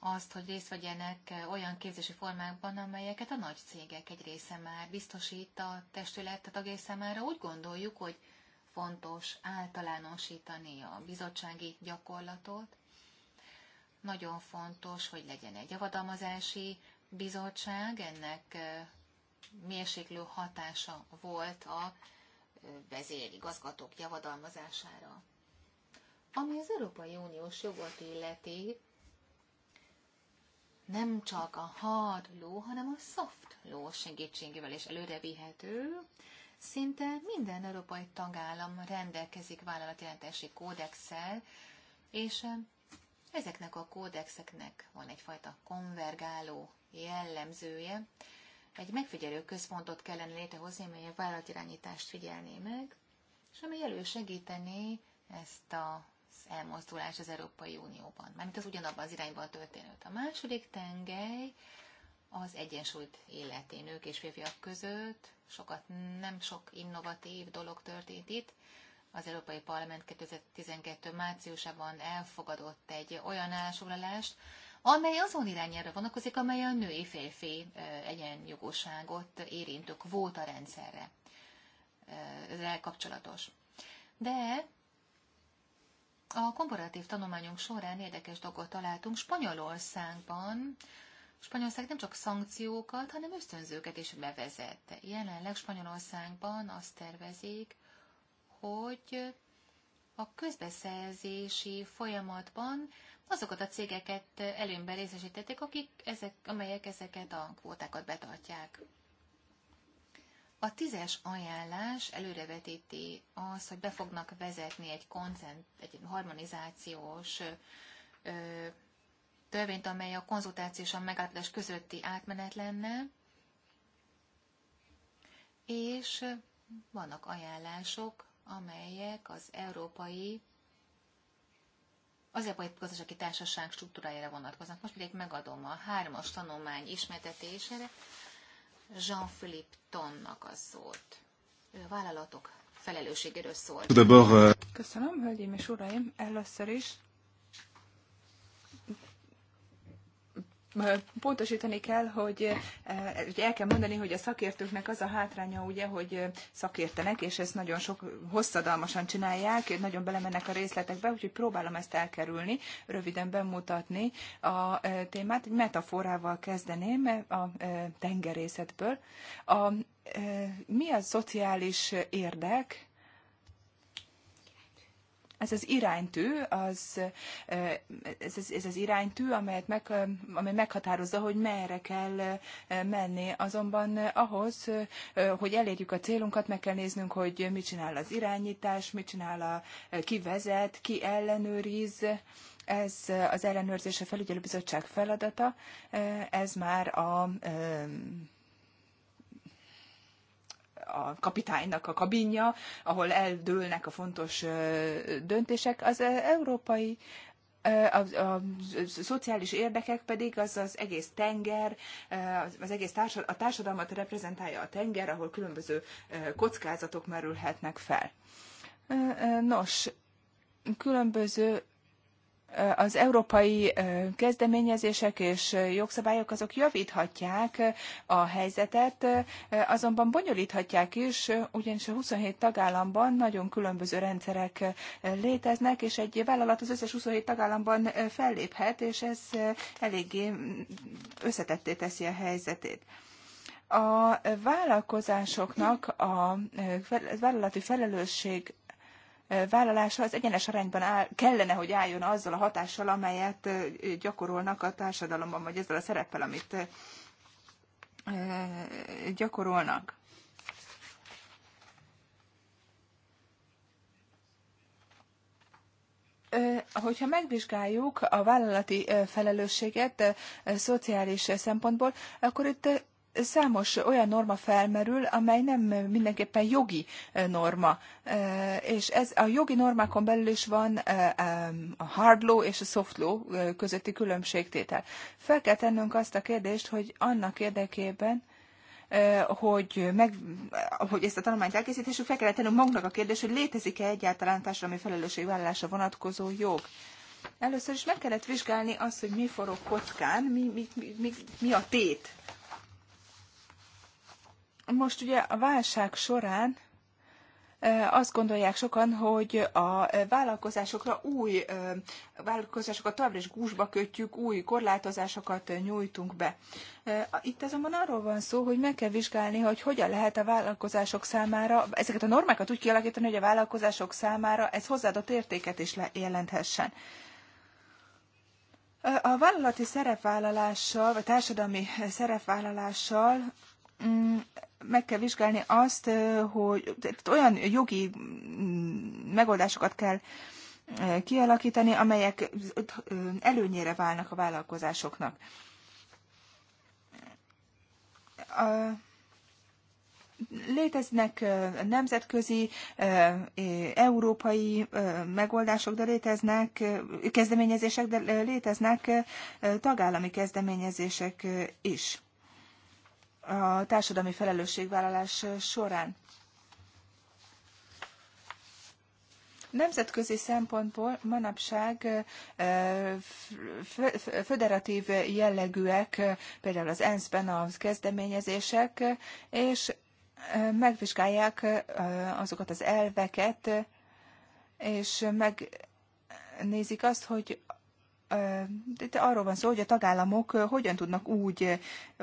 azt, hogy részt vegyenek eh, olyan képzési formákban, amelyeket a nagy cégek egy része már biztosít a testület a tagjai számára. Úgy gondoljuk, hogy fontos általánosítani a bizottsági gyakorlatot. Nagyon fontos, hogy legyen egy javadalmazási bizottság, ennek eh, mérséklő hatása volt a eh, vezérigazgatók javadalmazására. Ami az Európai Uniós jogot illeti, nem csak a hard ló, hanem a soft ló segítségével is vihető. Szinte minden európai tagállam rendelkezik vállalatjelentési kódexsel, és ezeknek a kódexeknek van egyfajta konvergáló jellemzője. Egy megfigyelő központot kellene létrehozni, amely a vállalatirányítást figyelné meg, és ami elősegítené ezt a elmozdulás az Európai Unióban. Mármint az ugyanabban az irányban történőt. A második tengely az egyensúlyt életén nők és férfiak között. Sokat, nem sok innovatív dolog történt itt. Az Európai Parlament 2012. márciusában elfogadott egy olyan állásfoglalást, amely azon irányára vonatkozik, amely a női férfi egyenjogosságot érintő kvóta rendszerre kapcsolatos. De a komparatív tanulmányunk során érdekes dolgot találtunk Spanyolországban. Spanyolország nem csak szankciókat, hanem ösztönzőket is bevezette. Jelenleg Spanyolországban azt tervezik, hogy a közbeszerzési folyamatban azokat a cégeket előnyben részesítették, akik ezek, amelyek ezeket a kvótákat betartják. A tízes ajánlás előrevetíti az, hogy be fognak vezetni egy, koncent, egy harmonizációs ö, törvényt, amely a konzultáció és a megállapodás közötti átmenet lenne, és vannak ajánlások, amelyek az európai az Európai Gazdasági Társaság struktúrájára vonatkoznak. Most pedig megadom a hármas tanulmány ismertetésére, Jean-Philippe Tonnak a szót. Ő a vállalatok felelősségéről szólt. Euh, Köszönöm, hölgyeim és uraim! Először is pontosítani kell, hogy, ugye eh, el kell mondani, hogy a szakértőknek az a hátránya, ugye, hogy szakértenek, és ezt nagyon sok hosszadalmasan csinálják, nagyon belemennek a részletekbe, úgyhogy próbálom ezt elkerülni, röviden bemutatni a eh, témát. Egy metaforával kezdeném eh, a tengerészetből. A, mi a szociális érdek? ez az iránytű, az, ez, ez, ez az iránytű, amelyet meg, amely meghatározza, hogy merre kell menni. Azonban ahhoz, hogy elérjük a célunkat, meg kell néznünk, hogy mit csinál az irányítás, mit csinál a, ki vezet, ki ellenőriz, ez az ellenőrzés a felügyelőbizottság feladata, ez már a a kapitánynak a kabinja, ahol eldőlnek a fontos döntések. Az európai a, a, a szociális érdekek pedig az az egész tenger, az egész társadal, a társadalmat reprezentálja a tenger, ahol különböző kockázatok merülhetnek fel. Nos, különböző az európai kezdeményezések és jogszabályok azok javíthatják a helyzetet, azonban bonyolíthatják is, ugyanis a 27 tagállamban nagyon különböző rendszerek léteznek, és egy vállalat az összes 27 tagállamban felléphet, és ez eléggé összetetté teszi a helyzetét. A vállalkozásoknak a vállalati felelősség vállalása az egyenes arányban áll, kellene, hogy álljon azzal a hatással, amelyet gyakorolnak a társadalomban, vagy ezzel a szereppel, amit gyakorolnak. hogyha megvizsgáljuk a vállalati felelősséget szociális szempontból, akkor itt számos olyan norma felmerül, amely nem mindenképpen jogi norma. És ez a jogi normákon belül is van a hard law és a soft law közötti különbségtétel. Fel kell tennünk azt a kérdést, hogy annak érdekében, hogy, meg, hogy ezt a tanulmányt elkészíthessük, fel kellett tennünk magunknak a kérdést, hogy létezik-e egyáltalán társadalmi felelősségvállalásra vonatkozó jog. Először is meg kellett vizsgálni azt, hogy mi forog kockán, mi, mi, mi, mi a tét most ugye a válság során azt gondolják sokan, hogy a vállalkozásokra új vállalkozásokat továbbra is gúzsba kötjük, új korlátozásokat nyújtunk be. Itt azonban arról van szó, hogy meg kell vizsgálni, hogy hogyan lehet a vállalkozások számára ezeket a normákat úgy kialakítani, hogy a vállalkozások számára ez hozzáadott értéket is jelenthessen. A vállalati szerepvállalással, vagy társadalmi szerepvállalással mm, meg kell vizsgálni azt, hogy olyan jogi mm, megoldásokat kell kialakítani, amelyek előnyére válnak a vállalkozásoknak. A léteznek nemzetközi, európai megoldások, de léteznek kezdeményezések, de léteznek tagállami kezdeményezések is a társadalmi felelősségvállalás során. Nemzetközi szempontból manapság föderatív jellegűek, például az ENSZ-ben az kezdeményezések, és megvizsgálják azokat az elveket, és megnézik azt, hogy itt arról van szó, hogy a tagállamok hogyan tudnak úgy,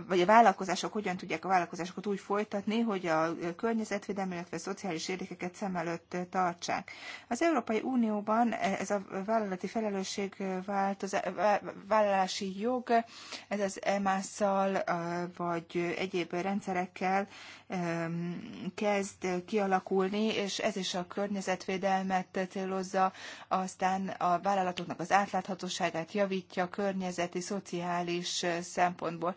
vagy a vállalkozások hogyan tudják a vállalkozásokat úgy folytatni, hogy a környezetvédelmi, illetve a szociális érdekeket szem előtt tartsák. Az Európai Unióban ez a vállalati felelősség vállalási jog, ez az EMAS-szal vagy egyéb rendszerekkel kezd kialakulni, és ez is a környezetvédelmet célozza, aztán a vállalatoknak az átláthatóságát, helyzetet javítja környezeti, szociális szempontból.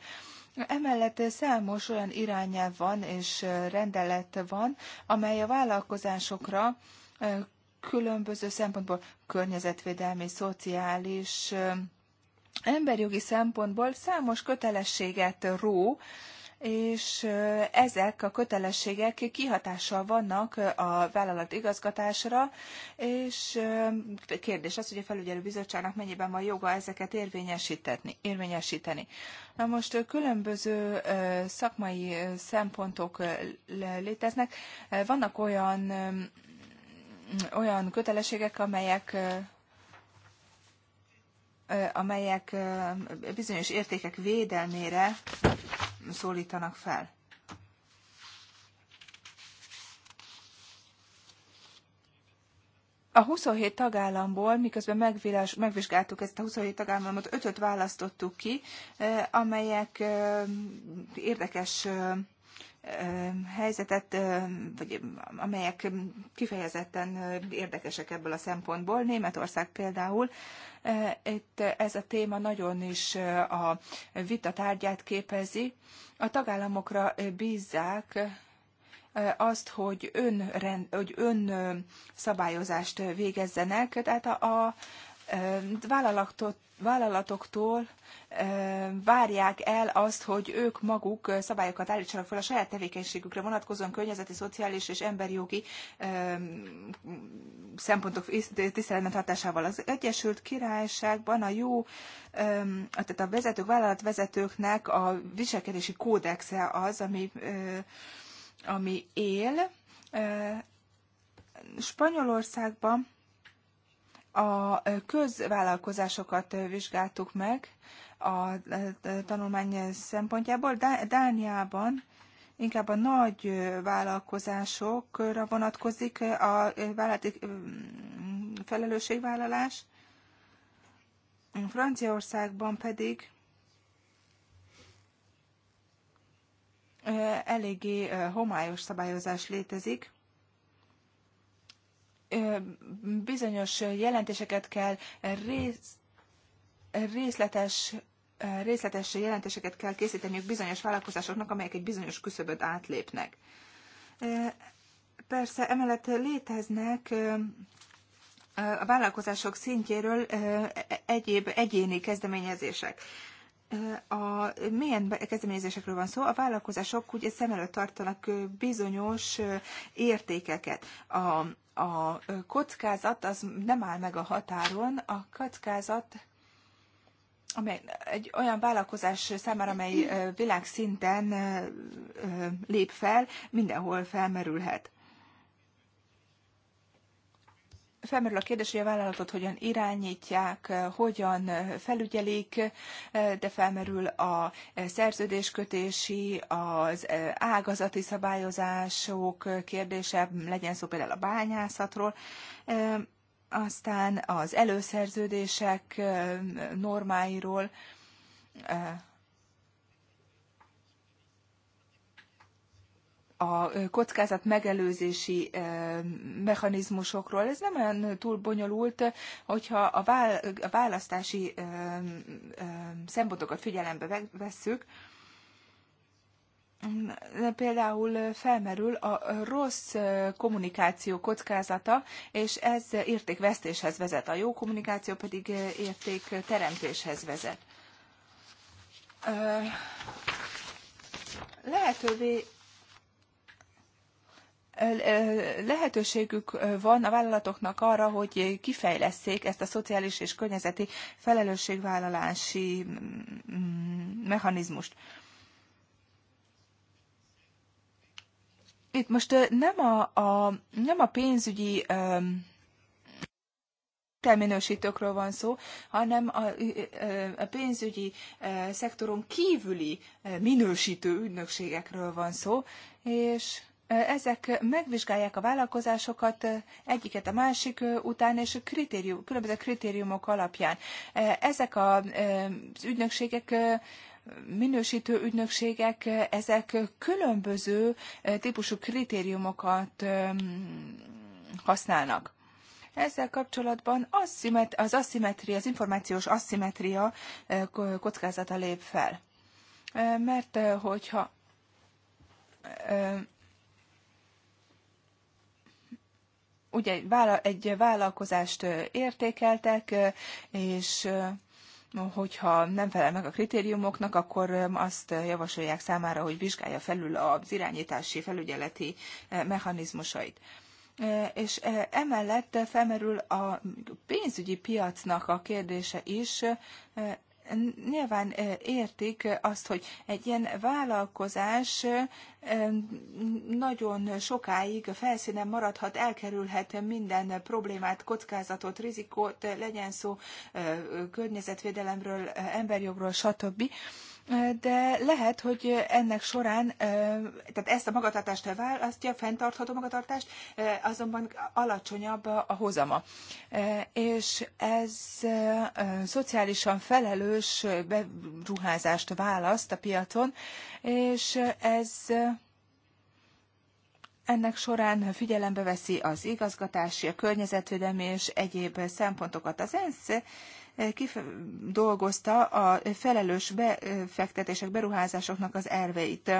Emellett számos olyan irányelv van és rendelet van, amely a vállalkozásokra különböző szempontból környezetvédelmi, szociális, emberjogi szempontból számos kötelességet ró, és ezek a kötelességek kihatással vannak a vállalat igazgatásra, és kérdés az, hogy a felügyelőbizottságnak mennyiben van joga ezeket érvényesíteni. érvényesíteni. Na most különböző szakmai szempontok léteznek. Vannak olyan olyan kötelességek, amelyek amelyek bizonyos értékek védelmére szólítanak fel. A 27 tagállamból, miközben megvizsgáltuk ezt a 27 tagállamot, ötöt választottuk ki, amelyek érdekes helyzetet, vagy amelyek kifejezetten érdekesek ebből a szempontból. Németország például itt ez a téma nagyon is a vita tárgyát képezi. A tagállamokra bízzák azt, hogy, ön, hogy ön szabályozást végezzenek, tehát a, a vállalatoktól várják el azt, hogy ők maguk szabályokat állítsanak fel a saját tevékenységükre vonatkozóan környezeti, szociális és emberi jogi szempontok tiszteletben tartásával. Az Egyesült Királyságban a jó, tehát a vezetők, vállalatvezetőknek a viselkedési kódexe az, ami, ami él. Spanyolországban a közvállalkozásokat vizsgáltuk meg a tanulmány szempontjából. Dániában inkább a nagy vállalkozásokra vonatkozik a vállalati felelősségvállalás, Franciaországban pedig eléggé homályos szabályozás létezik bizonyos jelentéseket kell rész, részletes részletes jelentéseket kell készíteniük bizonyos vállalkozásoknak, amelyek egy bizonyos küszöböt átlépnek. Persze emellett léteznek a vállalkozások szintjéről egyéb egyéni kezdeményezések. A milyen kezdeményezésekről van szó? A vállalkozások ugye szem előtt tartanak bizonyos értékeket. A a kockázat az nem áll meg a határon, a kockázat amely egy olyan vállalkozás számára, amely világszinten lép fel, mindenhol felmerülhet. felmerül a kérdés, hogy a vállalatot hogyan irányítják, eh, hogyan eh, felügyelik, eh, de felmerül a szerződéskötési, az ágazati szabályozások kérdése, legyen szó például a bányászatról, aztán az előszerződések normáiról, a kockázat megelőzési mechanizmusokról. Ez nem olyan túl bonyolult, hogyha a választási szempontokat figyelembe vesszük, Például felmerül a rossz kommunikáció kockázata, és ez értékvesztéshez vezet, a jó kommunikáció pedig értékteremtéshez vezet. Lehetővé lehetőségük van a vállalatoknak arra, hogy kifejlesszék ezt a szociális és környezeti felelősségvállalási mm, mechanizmust. Itt most nem a, a, nem a pénzügyi terminősítőkről van szó, hanem a, a pénzügyi szektoron kívüli minősítő ügynökségekről van szó, és ezek megvizsgálják a vállalkozásokat egyiket a másik után, és kritérium, különböző kritériumok alapján. Ezek az ügynökségek minősítő ügynökségek, ezek különböző típusú kritériumokat használnak. Ezzel kapcsolatban az aszimetria, az információs aszimetria kockázata lép fel. Mert hogyha ugye egy vállalkozást értékeltek, és hogyha nem felel meg a kritériumoknak, akkor azt javasolják számára, hogy vizsgálja felül az irányítási felügyeleti mechanizmusait. És emellett felmerül a pénzügyi piacnak a kérdése is, nyilván értik azt, hogy egy ilyen vállalkozás nagyon sokáig felszínen maradhat, elkerülhet minden problémát, kockázatot, rizikót, legyen szó környezetvédelemről, emberjogról, stb de lehet, hogy ennek során, tehát ezt a magatartást választja, fenntartható magatartást, azonban alacsonyabb a hozama. És ez szociálisan felelős beruházást választ a piacon, és ez ennek során figyelembe veszi az igazgatási, a környezetvédelmi és egyéb szempontokat. Az ENSZ Eh, kidolgozta a felelős befektetések, beruházásoknak az elveit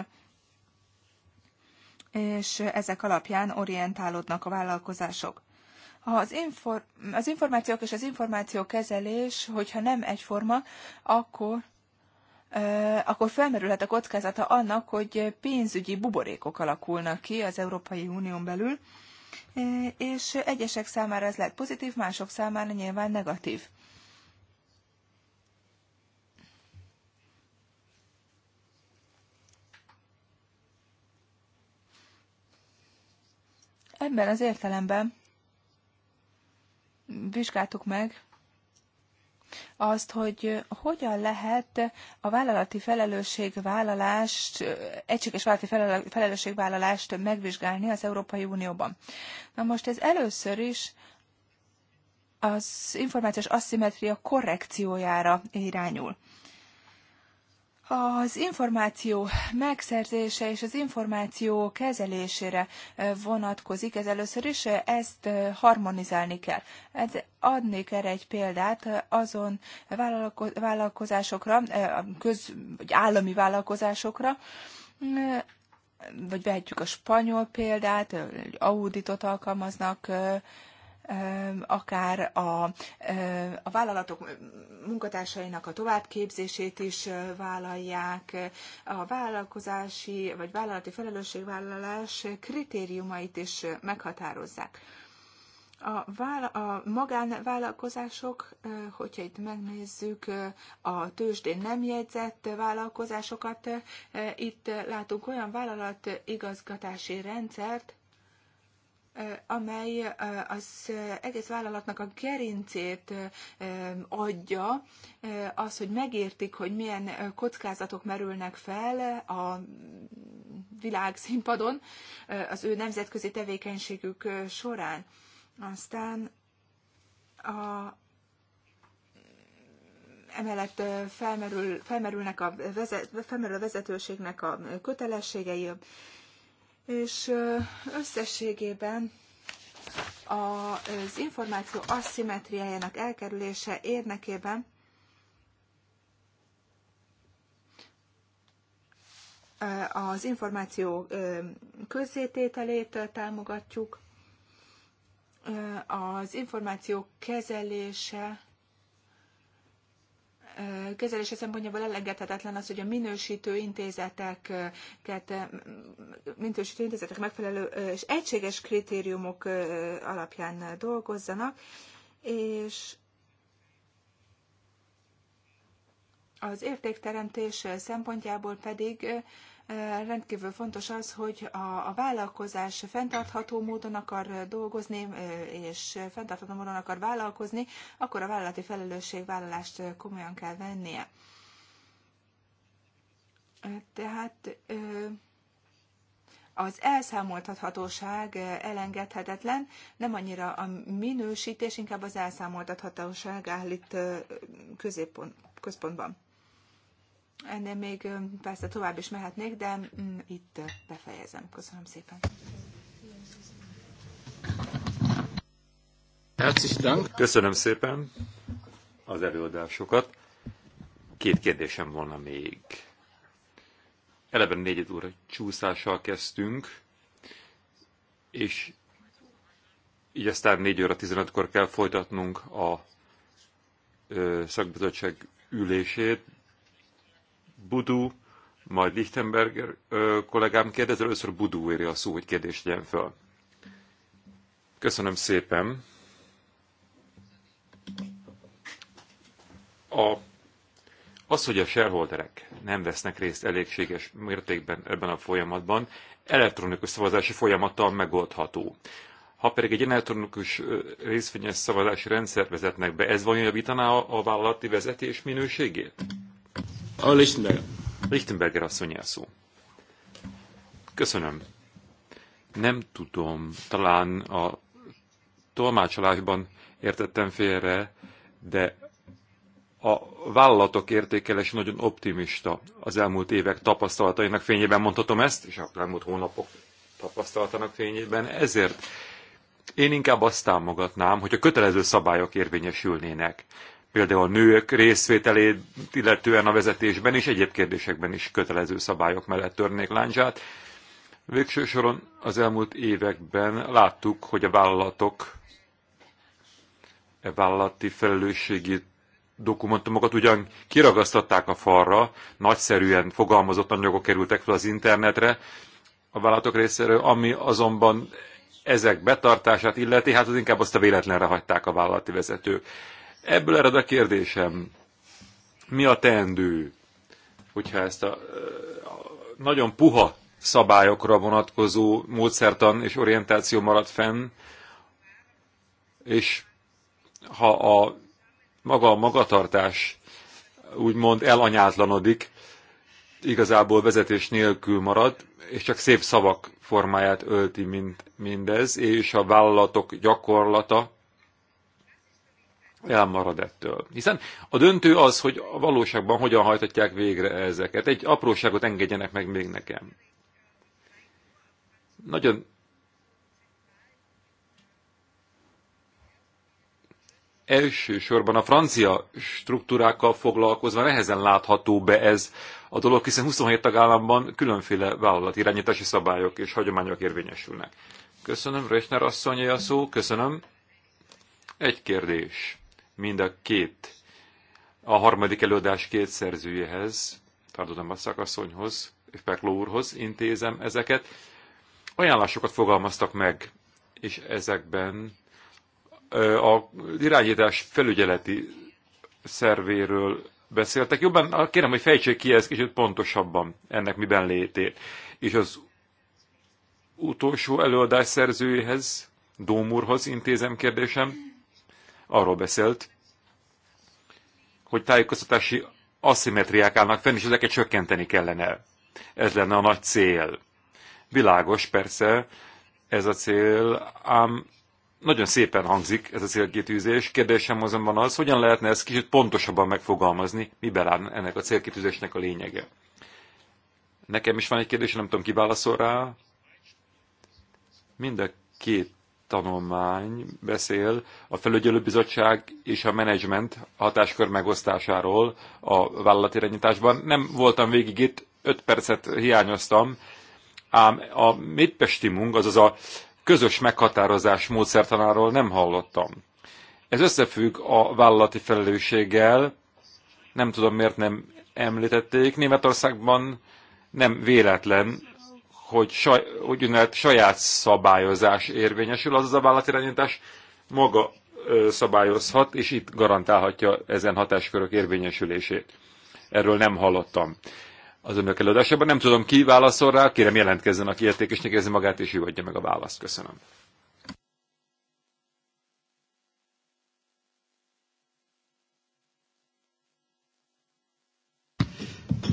és ezek alapján orientálódnak a vállalkozások. Az, infor, az információk és az információkezelés, hogyha nem egyforma, akkor, e, akkor felmerülhet a kockázata annak, hogy pénzügyi buborékok alakulnak ki az Európai Unión belül, eh, és egyesek számára ez lehet pozitív, mások számára nyilván negatív. Ebben az értelemben vizsgáltuk meg azt, hogy hogyan lehet a vállalati felelősségvállalást, egységes vállalati felelősségvállalást megvizsgálni az Európai Unióban. Na most ez először is az információs asszimetria korrekciójára irányul az információ megszerzése és az információ kezelésére eh, vonatkozik ez először is, eh, ezt eh, harmonizálni kell. Ez adnék erre egy példát azon vállalkozásokra, köz, vagy állami vállalkozásokra, vagy vehetjük a spanyol példát, auditot alkalmaznak, akár a, a vállalatok munkatársainak a továbbképzését is vállalják, a vállalkozási vagy vállalati felelősségvállalás kritériumait is meghatározzák. A, vála- a magánvállalkozások, hogyha itt megnézzük a tőzsdén nem jegyzett vállalkozásokat, itt látunk olyan vállalat igazgatási rendszert, Eh, amely eh, az eh, egész vállalatnak a gerincét adja, az, hogy megértik, hogy milyen kockázatok merülnek fel a világszínpadon az ő nemzetközi tevékenységük során. Aztán a, emellett felmerül, felmerülnek a vezet, felmerül a vezetőségnek a kötelességei, és összességében az információ asszimetriájának elkerülése érdekében az információ közzétételét támogatjuk, az információ kezelése kezelése szempontjából elengedhetetlen az, hogy a minősítő intézeteket, minősítő intézetek megfelelő és egységes kritériumok alapján dolgozzanak, és az értékteremtés szempontjából pedig rendkívül fontos az, hogy a, a vállalkozás fenntartható módon akar dolgozni, és fenntartható módon akar vállalkozni, akkor a vállalati felelősségvállalást komolyan kell vennie. Tehát az elszámoltathatóság elengedhetetlen, nem annyira a minősítés, inkább az elszámoltathatóság áll itt középpont, központban. Ennél még persze tovább is mehetnék, de mm, itt befejezem. Köszönöm szépen. Köszönöm szépen az előadásokat. Két kérdésem volna még. Eleven négyed óra csúszással kezdtünk, és így aztán 4 óra 15-kor kell folytatnunk a szakbizottság ülését, Budú, majd Lichtenberger ö, kollégám kérdez, először Budú írja a szó, hogy kérdés legyen fel. Köszönöm szépen. A, az, hogy a shareholderek nem vesznek részt elégséges mértékben ebben a folyamatban, elektronikus szavazási folyamattal megoldható. Ha pedig egy elektronikus részvényes szavazási rendszer vezetnek be, ez vajon javítaná a vállalati vezetés minőségét? A Lichtenberger. Lichtenberger asszony szó. Köszönöm. Nem tudom, talán a tolmácsolásban értettem félre, de a vállalatok értékelés nagyon optimista az elmúlt évek tapasztalatainak fényében mondhatom ezt, és a elmúlt hónapok tapasztalatának fényében. Ezért én inkább azt támogatnám, hogy a kötelező szabályok érvényesülnének például nők részvételét illetően a vezetésben és egyéb kérdésekben is kötelező szabályok mellett törnék láncsát. Végső soron az elmúlt években láttuk, hogy a vállalatok e vállalati felelősségi dokumentumokat ugyan kiragasztották a falra, nagyszerűen fogalmazott anyagok kerültek fel az internetre a vállalatok részéről, ami azonban ezek betartását illeti, hát az inkább azt a véletlenre hagyták a vállalati vezetők. Ebből ered a kérdésem, mi a teendő, hogyha ezt a, a nagyon puha szabályokra vonatkozó módszertan és orientáció marad fenn, és ha a maga a magatartás úgymond elanyátlanodik, igazából vezetés nélkül marad, és csak szép szavak formáját ölti mint mindez, és a vállalatok gyakorlata elmarad ettől. Hiszen a döntő az, hogy a valóságban hogyan hajtatják végre ezeket. Egy apróságot engedjenek meg még nekem. Nagyon elsősorban a francia struktúrákkal foglalkozva nehezen látható be ez a dolog, hiszen 27 tagállamban különféle vállalati irányítási szabályok és hagyományok érvényesülnek. Köszönöm, Rechner asszonyé a szó, köszönöm. Egy kérdés mind a két, a harmadik előadás két szerzőjehez, tartozom a szakaszonyhoz, Pekló úrhoz intézem ezeket. Ajánlásokat fogalmaztak meg, és ezekben a irányítás felügyeleti szervéről beszéltek. Jobban kérem, hogy fejtsék ki ezt kicsit pontosabban, ennek miben létét. És az utolsó előadás szerzőjéhez, Dómúrhoz intézem kérdésem, arról beszélt, hogy tájékoztatási aszimetriák állnak fenn, és ezeket csökkenteni kellene. Ez lenne a nagy cél. Világos, persze, ez a cél, ám nagyon szépen hangzik ez a célkitűzés. Kérdésem azonban az, hogyan lehetne ezt kicsit pontosabban megfogalmazni, miben áll ennek a célkitűzésnek a lényege. Nekem is van egy kérdés, nem tudom, ki válaszol rá. Mind a két tanulmány beszél a felügyelőbizottság és a menedzsment hatáskör megosztásáról a vállalati irányításban. Nem voltam végig itt, öt percet hiányoztam, ám a mitpestimung, azaz a közös meghatározás módszertanáról nem hallottam. Ez összefügg a vállalati felelősséggel, nem tudom miért nem említették. Németországban nem véletlen hogy, saj, hogy saját szabályozás érvényesül, azaz a vállalatirányítás maga szabályozhat, és itt garantálhatja ezen hatáskörök érvényesülését. Erről nem hallottam az önök előadásában. Nem tudom, ki válaszol rá, kérem jelentkezzen, aki értékesnek érzi magát, és hívadja meg a választ. Köszönöm.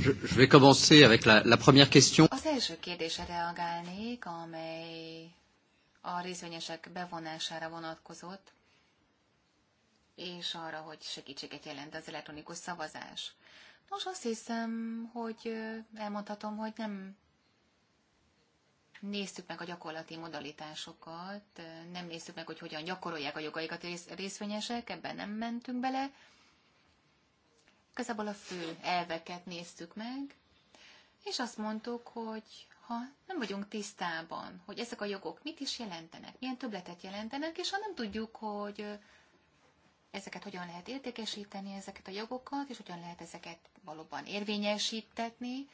Je, vais commencer avec la, la première question. Az első kérdésre reagálnék, amely a részvényesek bevonására vonatkozott, és arra, hogy segítséget jelent az elektronikus szavazás. Nos, azt hiszem, hogy elmondhatom, hogy nem néztük meg a gyakorlati modalitásokat, nem néztük meg, hogy hogyan gyakorolják a jogaikat részvényesek, ebben nem mentünk bele. Igazából a fő elveket néztük meg, és azt mondtuk, hogy ha nem vagyunk tisztában, hogy ezek a jogok mit is jelentenek, milyen töbletet jelentenek, és ha nem tudjuk, hogy ezeket hogyan lehet értékesíteni, ezeket a jogokat, és hogyan lehet ezeket valóban érvényesítetni,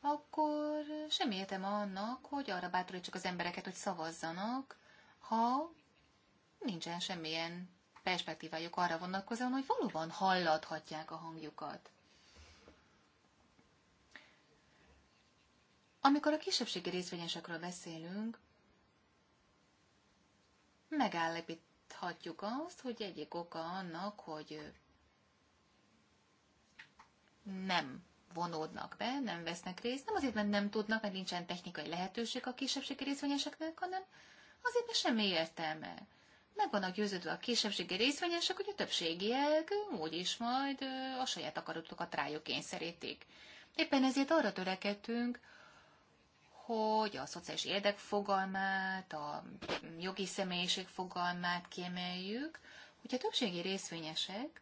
akkor sem értem annak, hogy arra bátorítsuk az embereket, hogy szavazzanak, ha nincsen semmilyen perspektívájuk arra vonatkozóan, hogy valóban hallathatják a hangjukat. Amikor a kisebbségi részvényesekről beszélünk, megállapíthatjuk azt, hogy egyik oka annak, hogy nem vonódnak be, nem vesznek részt, nem azért, mert nem tudnak, mert nincsen technikai lehetőség a kisebbségi részvényeseknek, hanem azért, mert semmi értelme meg vannak győződve a kisebbségi részvényesek, hogy a többségiek úgyis majd a saját akaratokat rájuk kényszerítik. Éppen ezért arra törekedtünk, hogy a szociális érdek fogalmát, a jogi személyiség fogalmát kiemeljük, hogy a többségi részvényesek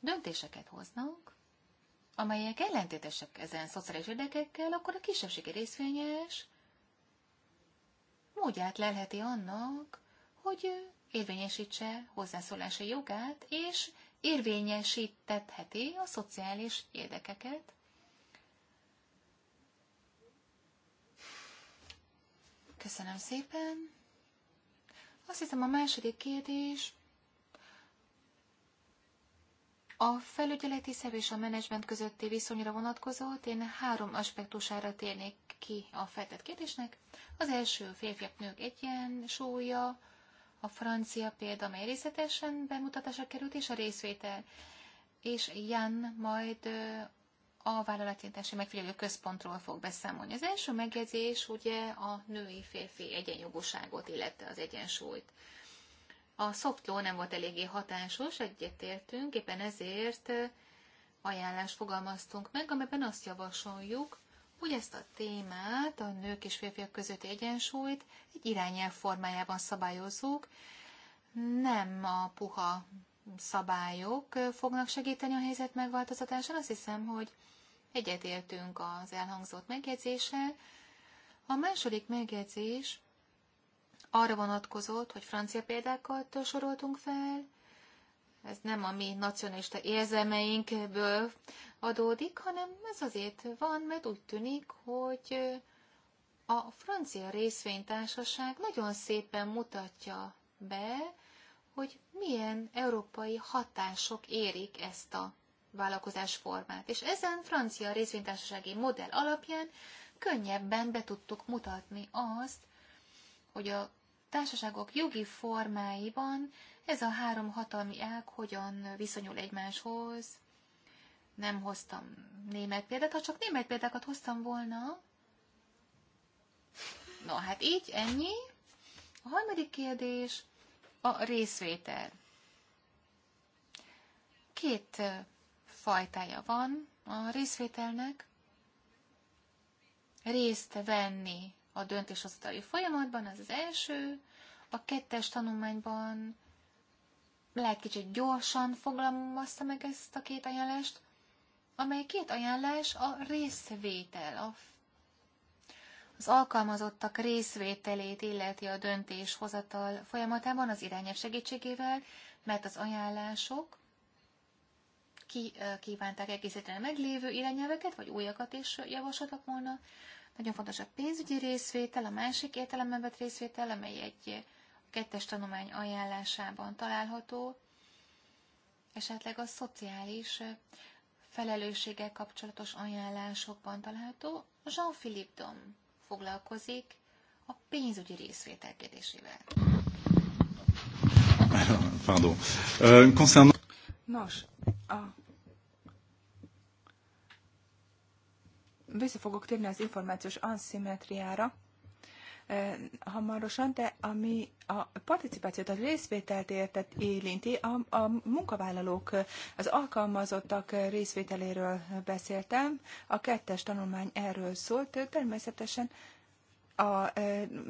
döntéseket hoznak, amelyek ellentétesek ezen szociális érdekekkel, akkor a kisebbségi részvényes módját lelheti annak, hogy érvényesítse hozzászólási jogát, és érvényesítetheti a szociális érdekeket. Köszönöm szépen. Azt hiszem a második kérdés a felügyeleti szerv és a menedzsment közötti viszonyra vonatkozott, én három aspektusára térnék ki a feltett kérdésnek. Az első férfiak-nők egyen súlya, a francia példa, mely részletesen került, és a részvétel. És Jan majd a vállalatjelentési megfigyelő központról fog beszámolni. Az első megjegyzés ugye a női férfi egyenjogúságot, illetve az egyensúlyt. A soft law nem volt eléggé hatásos, egyetértünk, éppen ezért ajánlást fogalmaztunk meg, amiben azt javasoljuk, hogy ezt a témát, a nők és férfiak közötti egyensúlyt egy irányelv formájában szabályozzuk. Nem a puha szabályok fognak segíteni a helyzet megváltoztatásán. Azt hiszem, hogy egyetértünk az elhangzott megjegyzéssel. A második megjegyzés arra vonatkozott, hogy francia példákat soroltunk fel, ez nem a mi nacionalista érzelmeinkből adódik, hanem ez azért van, mert úgy tűnik, hogy a francia részvénytársaság nagyon szépen mutatja be, hogy milyen európai hatások érik ezt a vállalkozásformát. És ezen francia részvénytársasági modell alapján könnyebben be tudtuk mutatni azt, hogy a társaságok jogi formáiban ez a három hatalmi ág hogyan viszonyul egymáshoz. Nem hoztam német példát, ha csak német példákat hoztam volna. Na, hát így, ennyi. A harmadik kérdés a részvétel. Két fajtája van a részvételnek. Részt venni a döntéshozatali folyamatban, az az első. A kettes tanulmányban lehet kicsit gyorsan foglalmazta meg ezt a két ajánlást, amely két ajánlás a részvétel, a az alkalmazottak részvételét illeti a döntéshozatal folyamatában az irányelv segítségével, mert az ajánlások ki kívánták egészíteni a meglévő irányelveket, vagy újakat is javasoltak volna. Nagyon fontos a pénzügyi részvétel, a másik értelemben vett részvétel, amely egy kettes tanulmány ajánlásában található, esetleg a szociális felelősséggel kapcsolatos ajánlásokban található. Jean-Philippe Dom foglalkozik a pénzügyi részvétel kérdésével. Pardon. Euh, Nos, a... vissza fogok térni az információs anszimetriára hamarosan, de ami a participációt, a részvételt értett érinti, a, a munkavállalók, az alkalmazottak részvételéről beszéltem, a kettes tanulmány erről szólt, természetesen a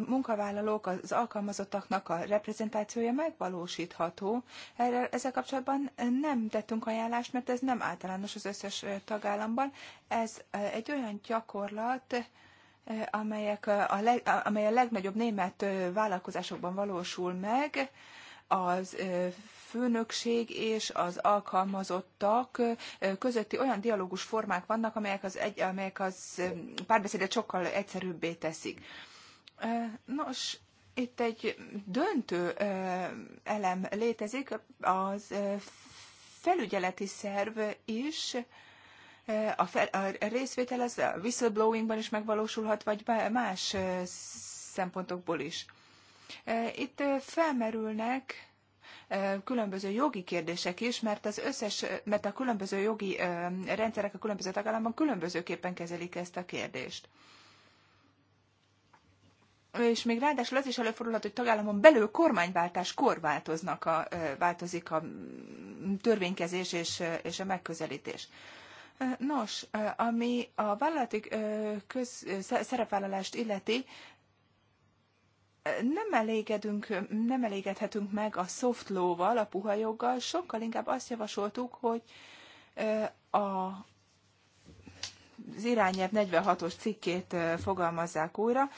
munkavállalók, az alkalmazottaknak a reprezentációja megvalósítható. Erre, ezzel kapcsolatban nem tettünk ajánlást, mert ez nem általános az összes tagállamban. Ez egy olyan gyakorlat, Eh, amelyek eh, a leg, amely a legnagyobb német eh, vállalkozásokban valósul meg, az főnökség és az alkalmazottak közötti olyan dialógus formák vannak, amelyek az, egy, amelyek az párbeszédet sokkal egyszerűbbé teszik. Nos, itt egy döntő elem létezik, az felügyeleti szerv is, a, fel, a részvétel az a whistleblowingban is megvalósulhat, vagy más szempontokból is. Itt felmerülnek különböző jogi kérdések is, mert az összes, mert a különböző jogi rendszerek a különböző tagállamban különbözőképpen kezelik ezt a kérdést. És még ráadásul az is előfordulhat, hogy tagállamon belül kormányváltáskor változnak a, változik a mm, törvénykezés és, és a megközelítés. Nos, ami a vállalati köz, szerepvállalást illeti, nem elégedünk, nem elégedhetünk meg a soft law-val, a puha joggal, sokkal inkább azt javasoltuk, hogy a, az irányelv 46-os cikkét fogalmazzák újra,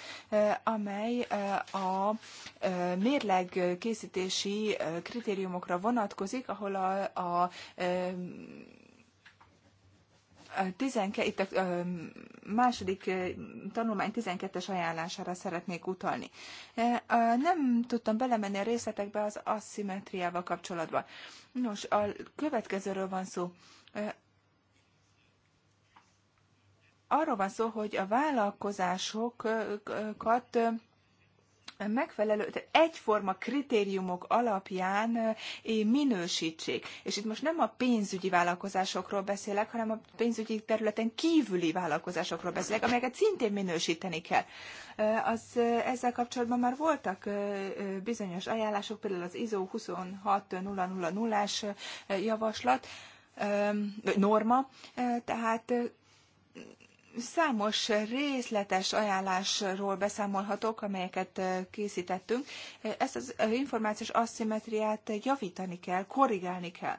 amely a mérleg készítési kritériumokra vonatkozik, ahol a, a 12, itt a második tanulmány 12-es ajánlására szeretnék utalni. Nem tudtam belemenni a részletekbe az asszimetriával kapcsolatban. Nos, a következőről van szó. Arról van szó, hogy a vállalkozásokat megfelelő, tehát egyforma kritériumok alapján minősítsék. És itt most nem a pénzügyi vállalkozásokról beszélek, hanem a pénzügyi területen kívüli vállalkozásokról beszélek, amelyeket szintén minősíteni kell. Az, ezzel kapcsolatban már voltak bizonyos ajánlások, például az ISO 26000-as javaslat, norma, tehát Számos részletes ajánlásról beszámolhatok, amelyeket készítettünk. Ezt az információs asszimetriát javítani kell, korrigálni kell.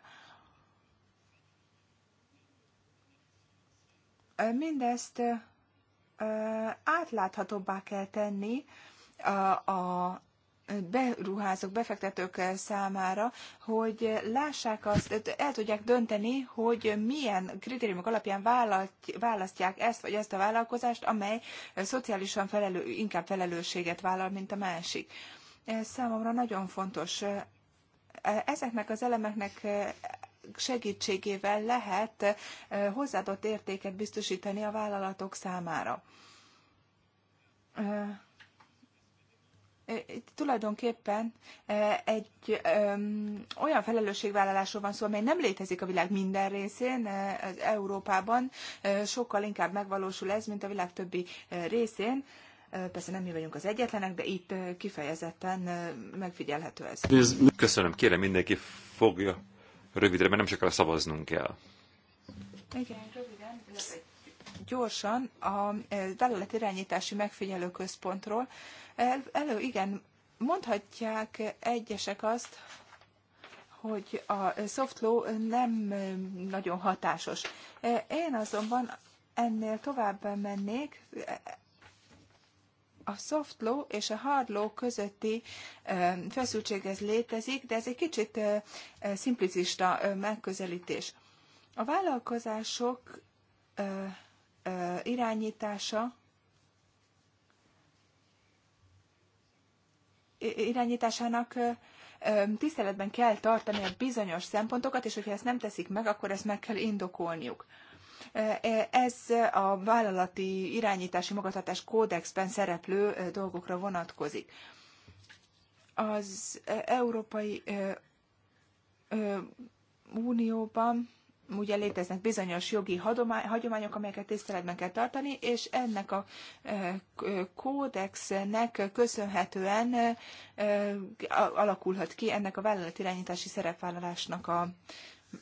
Mindezt átláthatóbbá kell tenni a beruházók, befektetők számára, hogy lássák azt, el tudják dönteni, hogy milyen kritériumok alapján választják ezt vagy ezt a vállalkozást, amely szociálisan felelő, inkább felelősséget vállal, mint a másik. Ez számomra nagyon fontos. Ezeknek az elemeknek segítségével lehet hozzáadott értéket biztosítani a vállalatok számára tulajdonképpen egy olyan felelősségvállalásról van szó, amely nem létezik a világ minden részén, az Európában sokkal inkább megvalósul ez, mint a világ többi részén. Persze nem mi vagyunk az egyetlenek, de itt kifejezetten megfigyelhető ez. Köszönöm, kérem mindenki fogja rövidre, mert nem csak szavaznunk kell. Igen, röviden, illetve egy gyorsan a eh, vállalat irányítási megfigyelőközpontról Elő, igen, mondhatják egyesek azt, hogy a soft law nem eh, nagyon hatásos. Eh, én azonban ennél tovább mennék, a soft law és a hard law közötti feszültség ez létezik, de ez egy kicsit szimplicista megközelítés. A vállalkozások irányítása, irányításának tiszteletben kell tartani a bizonyos szempontokat, és hogyha ezt nem teszik meg, akkor ezt meg kell indokolniuk. Ez a vállalati irányítási magatartás kódexben szereplő dolgokra vonatkozik. Az Európai Unióban ugye léteznek bizonyos jogi hagyományok, amelyeket tiszteletben kell tartani, és ennek a e, e, kódexnek köszönhetően e, alakulhat ki ennek a vállalatirányítási szerepvállalásnak a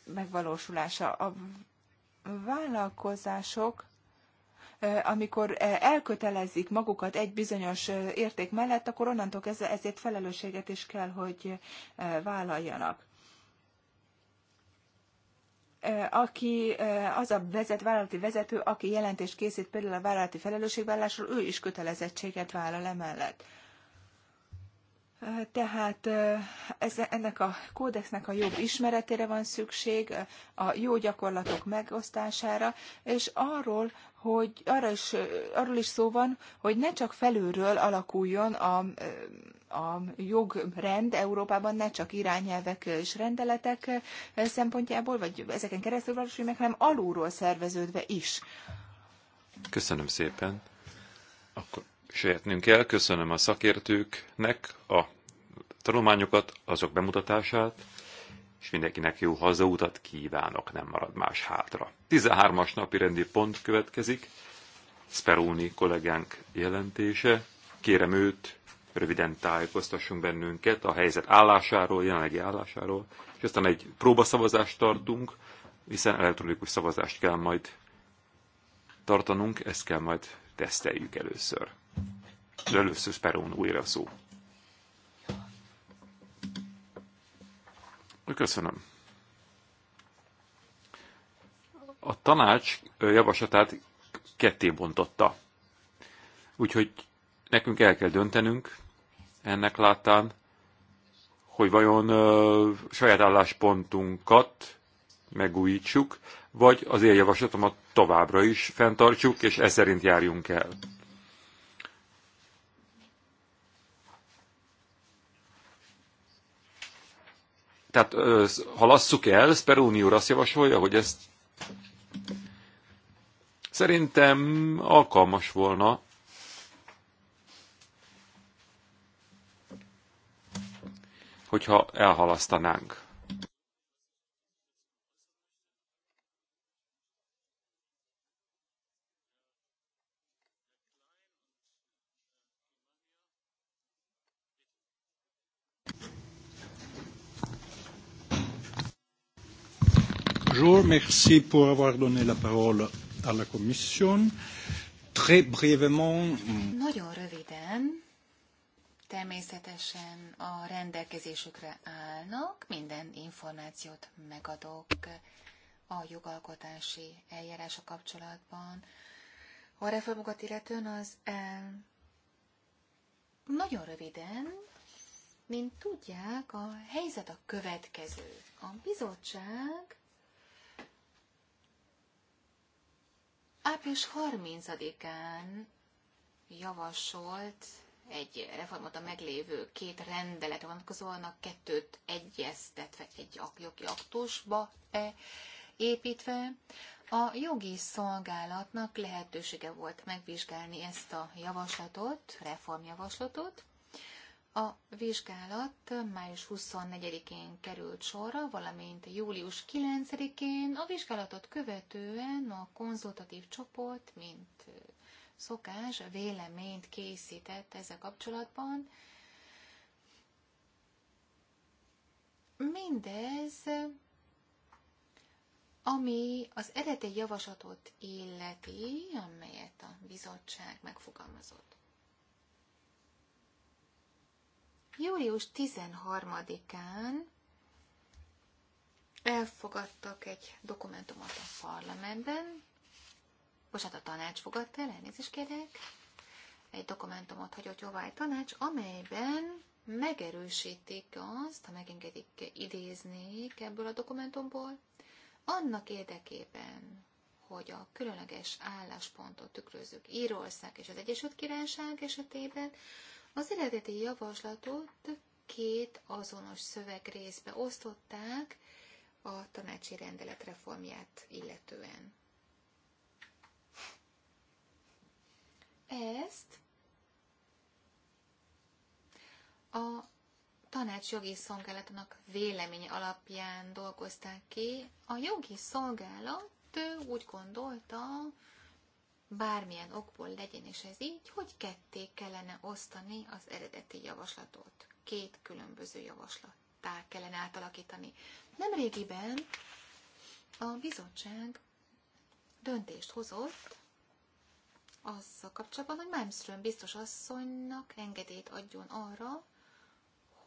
megvalósulása. A vállalkozások amikor elkötelezik magukat egy bizonyos érték mellett, akkor onnantól kezdve ezért felelősséget is kell, hogy vállaljanak aki az a vezet, vállalati vezető, aki jelentést készít például a vállalati felelősségvállásról, ő is kötelezettséget vállal emellett. Tehát ez, ennek a kódexnek a jobb ismeretére van szükség, a jó gyakorlatok megosztására, és arról, hogy arra is, arról is szó van, hogy ne csak felülről alakuljon a, a jogrend Európában, ne csak irányelvek és rendeletek szempontjából, vagy ezeken keresztül valósul meg, hanem alulról szerveződve is. Köszönöm szépen. Akkor sietnünk kell. Köszönöm a szakértőknek a tanulmányokat, azok bemutatását, és mindenkinek jó hazautat kívánok, nem marad más hátra. 13-as napi rendi pont következik, Speroni kollégánk jelentése. Kérem őt, röviden tájékoztassunk bennünket a helyzet állásáról, jelenlegi állásáról, és aztán egy próbaszavazást tartunk, hiszen elektronikus szavazást kell majd tartanunk, ezt kell majd teszteljük először. De először Sperón újra szó. Köszönöm. A tanács javaslatát ketté bontotta. Úgyhogy nekünk el kell döntenünk ennek láttán, hogy vajon ö, saját álláspontunkat megújítsuk, vagy az én javaslatomat továbbra is fenntartsuk, és ez szerint járjunk el. Tehát halasszuk el, Speroni úr azt javasolja, hogy ezt szerintem alkalmas volna hogyha elhalasztanánk. Bonjour, merci pour avoir donné la parole à la Commission. Très brièvement. Nagyon röviden, természetesen a rendelkezésükre állnak, minden információt megadok a jogalkotási eljárása kapcsolatban. A reformokat illetően az el... Nagyon röviden, mint tudják, a helyzet a következő. A bizottság Április 30-án javasolt egy reformot a meglévő két rendeletre vonatkozóan a kettőt egyeztetve egy jogi aktusba e építve. A jogi szolgálatnak lehetősége volt megvizsgálni ezt a javaslatot, reformjavaslatot, a vizsgálat május 24-én került sorra, valamint július 9-én. A vizsgálatot követően a konzultatív csoport, mint szokás, véleményt készített ezzel kapcsolatban. Mindez, ami az eredeti javaslatot illeti, amelyet a bizottság megfogalmazott. Július 13-án elfogadtak egy dokumentumot a parlamentben, hát a tanács fogadta el, elnézést kérek, egy dokumentumot hagyott jóvá egy tanács, amelyben megerősítik azt, ha megengedik idéznék ebből a dokumentumból, annak érdekében, hogy a különleges álláspontot tükrözzük Írország és az Egyesült Királyság esetében, az eredeti javaslatot két azonos szövegrészbe osztották a tanácsi rendelet reformját illetően. Ezt a tanács jogi szolgálatnak véleménye alapján dolgozták ki. A jogi szolgálat úgy gondolta, bármilyen okból legyen is ez így, hogy ketté kellene osztani az eredeti javaslatot. Két különböző javaslattá kellene átalakítani. Nemrégiben a bizottság döntést hozott azzal kapcsolatban, hogy Malmström biztos asszonynak engedélyt adjon arra,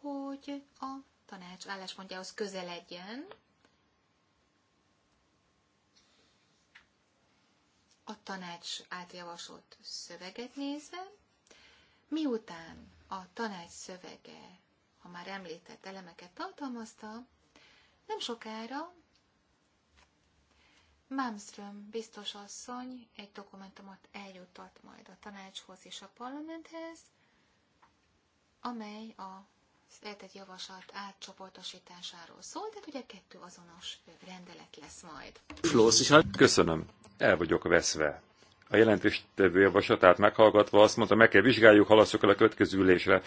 hogy a tanács álláspontjához közeledjen, a tanács átjavasolt szöveget nézve, miután a tanács szövege a már említett elemeket tartalmazta, nem sokára Mámström biztos asszony egy dokumentumot eljutott majd a tanácshoz és a parlamenthez, amely a született javaslat átcsoportosításáról szól, tehát ugye kettő azonos rendelet lesz majd. Hát köszönöm, el vagyok veszve. A jelentéstevő javaslatát meghallgatva azt mondta, meg kell vizsgáljuk, halasszuk el a következő ülésre.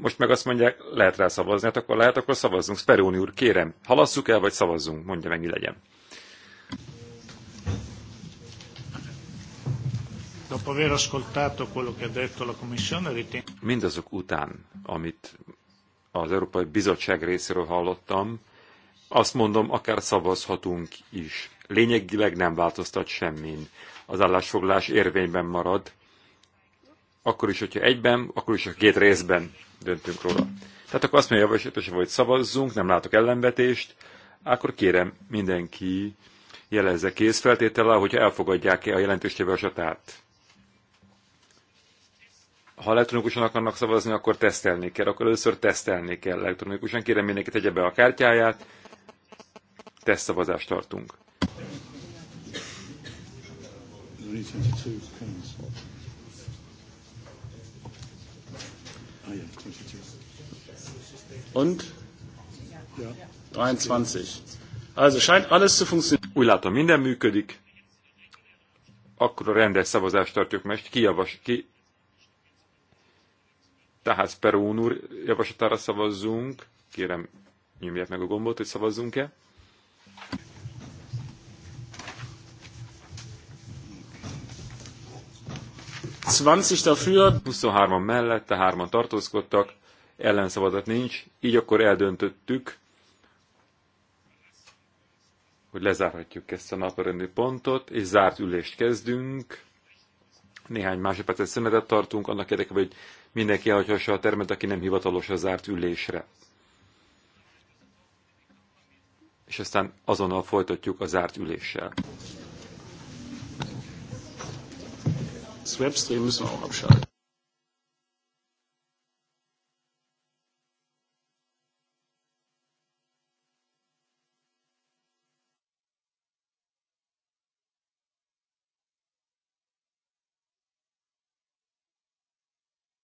Most meg azt mondják, lehet rá szavazni, hát akkor lehet, akkor szavazzunk. Speróni úr, kérem, halasszuk el, vagy szavazzunk, mondja meg, mi legyen. Mindazok után, amit az Európai Bizottság részéről hallottam, azt mondom, akár szavazhatunk is. Lényegileg nem változtat semmin. Az állásfoglalás érvényben marad, akkor is, hogyha egyben, akkor is, hogyha két részben döntünk róla. Tehát akkor azt mondja javaslatos, hogy szavazzunk, nem látok ellenvetést, akkor kérem mindenki jelezze készfeltétellel, hogyha elfogadják-e a jelentős javaslatát. Ha elektronikusan akarnak szavazni, akkor tesztelni kell. Akkor először tesztelni kell elektronikusan. Kérem mindenki tegye be a kártyáját. Tesztszavazást tartunk. Und? Ja. 23. Also scheint alles zu Úgy látom, minden működik. Akkor a rendes szavazást tartjuk meg, Ki, javas, ki tehát Perón úr javaslatára szavazzunk. Kérem, nyomják meg a gombot, hogy szavazzunk-e. dafür. 23-an mellette, 3-an tartózkodtak, ellenszavazat nincs, így akkor eldöntöttük, hogy lezárhatjuk ezt a naprendi pontot, és zárt ülést kezdünk. Néhány másodpercet szünetet tartunk, annak érdekében, hogy mindenki elhagyhassa a termet, aki nem hivatalos a zárt ülésre. És aztán azonnal folytatjuk a zárt üléssel. Das Webstream müssen wir auch abschalten.